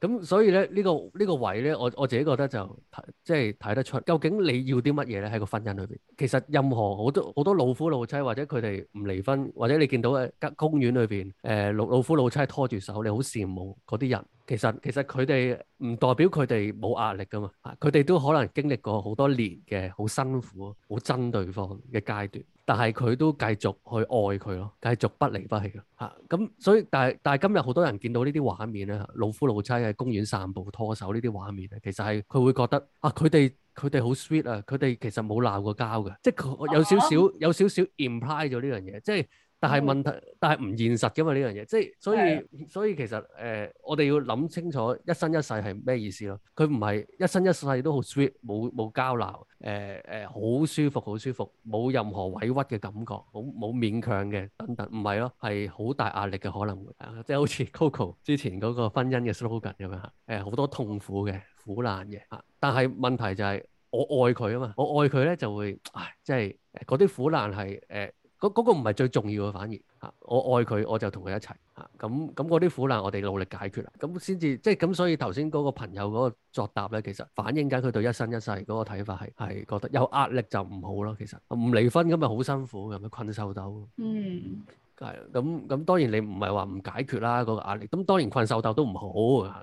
咁所以咧呢、這個呢、這個位咧，我我自己覺得就即係睇得出，究竟你要啲乜嘢咧喺個婚姻裏邊。其實任何我都好多老夫老妻或者佢哋唔離婚，或者你見到誒喺公園裏邊誒老老夫老妻拖住手，你好羨慕嗰啲人。其實其實佢哋唔代表佢哋冇壓力噶嘛，佢哋都可能經歷過好多年嘅好辛苦、好憎對方嘅階段，但係佢都繼續去愛佢咯，繼續不離不棄嘅嚇。咁、啊、所以但係但係今日好多人見到呢啲畫面咧，老夫老妻喺公園散步拖手呢啲畫面，其實係佢會覺得啊，佢哋佢哋好 sweet 啊，佢哋其實冇鬧過交嘅，即係有少少、啊、有少少 imply 咗呢樣嘢，即係。但係問題，嗯、但係唔現實嘅嘛呢樣嘢，嗯、即係所以所以其實誒、呃，我哋要諗清楚一生一世係咩意思咯？佢唔係一生一世都好 sweet，冇冇交流，誒誒好舒服好舒服，冇任何委屈嘅感覺，冇冇勉強嘅等等，唔係咯，係好大壓力嘅可能會，啊、即係好似 Coco 之前嗰個婚姻嘅 slogan 咁樣嚇，好、啊、多痛苦嘅苦難嘅嚇、啊，但係問題就係我愛佢啊嘛，我愛佢咧就會，唉，即係嗰啲苦難係誒。啊嗰個唔係最重要嘅，反而嚇我愛佢，我就同佢一齊嚇。咁咁嗰啲苦難，我哋努力解決啦，咁先至即係咁。所以頭先嗰個朋友嗰個作答咧，其實反映緊佢對一生一世嗰個睇法係係覺得有壓力就唔好咯。其實唔離婚咁咪好辛苦，有咩困獸鬥？嗯，係咁咁，當然你唔係話唔解決啦，嗰、嗰個壓力。咁當然困獸鬥都唔好，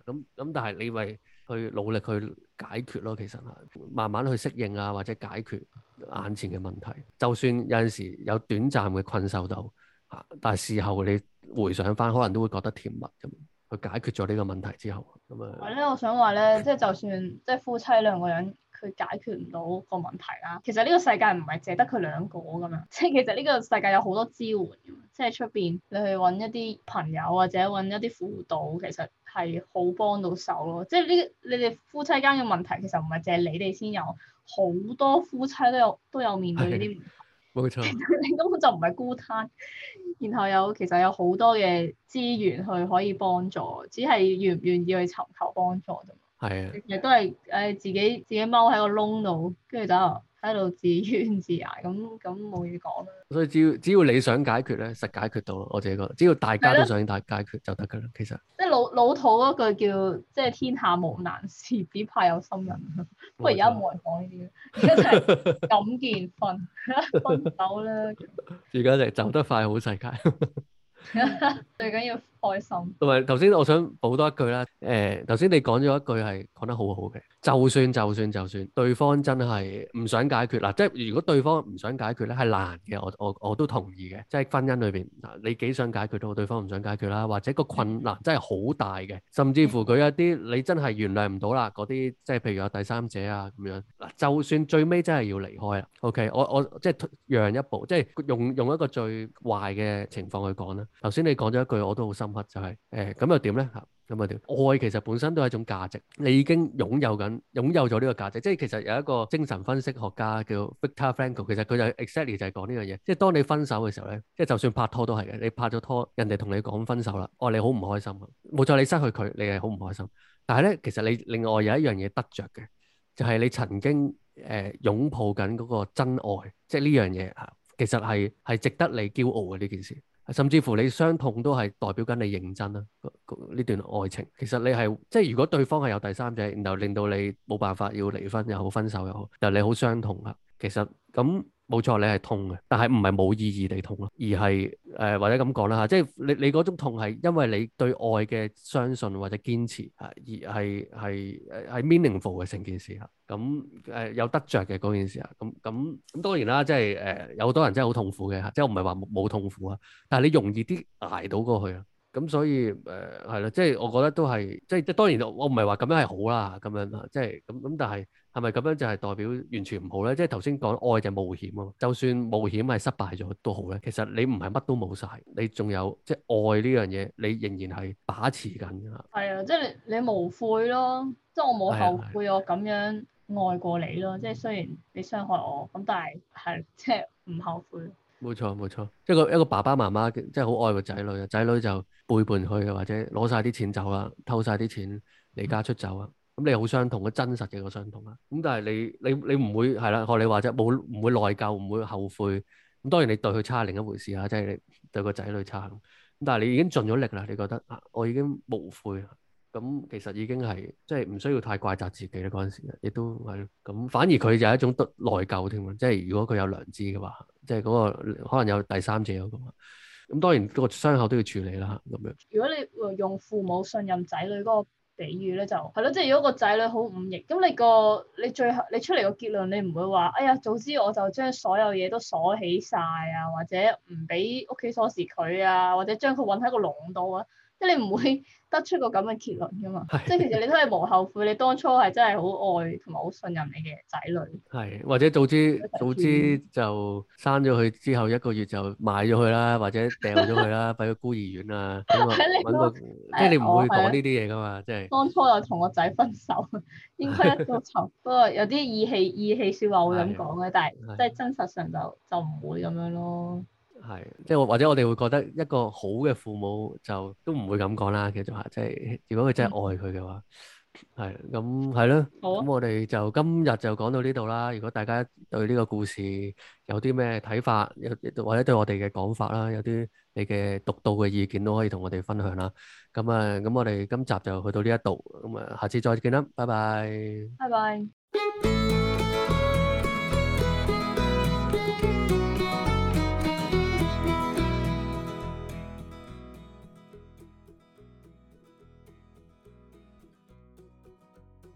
咁咁但係你為、就係。去努力去解決咯，其實係慢慢去適應啊，或者解決眼前嘅問題。就算有陣時有短暫嘅困獸鬥，嚇，但係事後你回想翻，可能都會覺得甜蜜咁。去解決咗呢個問題之後，咁啊。係咧，我想話咧，即係就算即係夫妻兩個人。嗯佢解決唔到個問題啦。其實呢個世界唔係淨係得佢兩個㗎嘛，即係其實呢個世界有好多支援，即係出邊你去揾一啲朋友，或者揾一啲輔導，其實係好幫到手咯。即係呢，你哋夫妻間嘅問題其實唔係淨係你哋先有，好多夫妻都有都有面對呢啲問題。冇錯。你根本就唔係孤單，然後有其實有好多嘅資源去可以幫助，只係願唔願意去尋求幫助啫。係啊，亦都係誒自己自己踎喺個窿度，跟住就喺度自怨自艾咁咁冇嘢講啦。所以只要只要你想解決咧，實解決到咯，我自己覺得。只要大家都想解決的就得噶啦，其實。即係老老土嗰句叫即係天下無難事，只怕有心人。不過而家冇人講呢啲，一齊噉見瞓，瞓唔到手啦了。而家就走得快好世界。 (laughs) (laughs) 最緊要。開心同埋頭先，我想補多一句啦。誒、呃，頭先你講咗一句係講得好好嘅，就算就算就算對方真係唔想解決嗱，即係如果對方唔想解決咧，係難嘅。我我我都同意嘅，即係婚姻裏邊嗱，你幾想解決到對方唔想解決啦，或者個困難真係好大嘅，甚至乎佢一啲你真係原諒唔到啦嗰啲，即係譬如有第三者啊咁樣嗱，就算最尾真係要離開啦。OK，我我即係讓一步，即係用用一個最壞嘅情況去講啦。頭先你講咗一句，我都好深。就係誒，咁又點咧？嚇，咁又點？愛其實本身都係一種價值，你已經擁有緊，擁有咗呢個價值。即係其實有一個精神分析學家叫 Victor Frankl，其實佢就 exactly 就係講呢樣嘢。即係當你分手嘅時候咧，即係就算拍拖都係嘅。你拍咗拖，人哋同你講分手啦，哦，你好唔開心，冇錯，你失去佢，你係好唔開心。但係咧，其實你另外有一樣嘢得着嘅，就係、是、你曾經誒、呃、擁抱緊嗰個真愛，即係呢樣嘢嚇，其實係係值得你驕傲嘅呢件事。甚至乎你傷痛都係代表緊你認真啦，呢段愛情其實你係即係如果對方係有第三者，然後令到你冇辦法要離婚又好分手又好，但你好傷痛啊，其實咁。冇錯，你係痛嘅，但係唔係冇意義地痛咯，而係誒、呃、或者咁講啦嚇，即係你你嗰種痛係因為你對愛嘅相信或者堅持係、啊、而係係係 meaningful 嘅成件事嚇，咁、啊、誒、呃、有得着嘅嗰件事嚇，咁咁咁當然啦，即係誒、呃、有好多人真係好痛苦嘅嚇，即係我唔係話冇痛苦啊，但係你容易啲捱到過去啊，咁、嗯、所以誒係咯，即係我覺得都係即係即係當然我唔係話咁樣係好啦，咁樣、啊、即係咁咁但係。係咪咁樣就係代表完全唔好咧？即係頭先講愛就係冒險啊，就算冒險係失敗咗都好咧。其實你唔係乜都冇晒，你仲有即係、就是、愛呢樣嘢，你仍然係把持緊噶。係啊，即、就、係、是、你你無悔咯，即係我冇後悔我咁樣愛過你咯。啊啊啊、即係雖然你傷害我，咁但係係即係唔後悔。冇錯冇錯，一個一個爸爸媽媽即係好愛個仔女，仔女就背叛佢，或者攞晒啲錢走啊，偷晒啲錢離家出走啊。嗯咁你好傷痛，嘅真實嘅個傷痛啦，咁但係你你你唔會係啦，學你話齋，冇唔會內疚，唔會後悔。咁當然你對佢差另一回事啊，即係你對個仔女差。咁但係你已經盡咗力啦，你覺得啊，我已經無悔啦。咁其實已經係即係唔需要太怪責自己啦，嗰陣時，亦都係咁。反而佢就係一種內疚添，即係如果佢有良知嘅話，即係嗰個可能有第三者咁個。咁當然個傷口都要處理啦，咁樣。如果你用父母信任仔女嗰個比喻咧就係咯，即係如果個仔女好忤逆，咁你個你最後你出嚟個結論，你唔會話，哎呀，早知我就將所有嘢都鎖起晒啊，或者唔俾屋企鎖匙佢啊，或者將佢韫喺個籠度啊。即係你唔會得出個咁嘅結論㗎嘛？即係其實你都係無後悔，你當初係真係好愛同埋好信任你嘅仔女。係，或者早知早知就生咗佢之後一個月就賣咗佢啦，或者掟咗佢啦，擺咗孤兒院啊，揾即係你唔會講呢啲嘢㗎嘛？即係。當初我同個仔分手，應該一到頭，不過有啲意氣意氣說話會咁講嘅，但係即係真實上就就唔會咁樣咯。係，即係或者我哋會覺得一個好嘅父母就都唔會咁講啦，其實、就是，即係如果佢真係愛佢嘅話，係、嗯，咁係咯。好。咁、啊、我哋就今日就講到呢度啦。如果大家對呢個故事有啲咩睇法，有或者對我哋嘅講法啦，有啲你嘅獨到嘅意見都可以同我哋分享啦。咁啊，咁我哋今集就去到呢一度，咁啊，下次再見啦，拜拜。拜拜。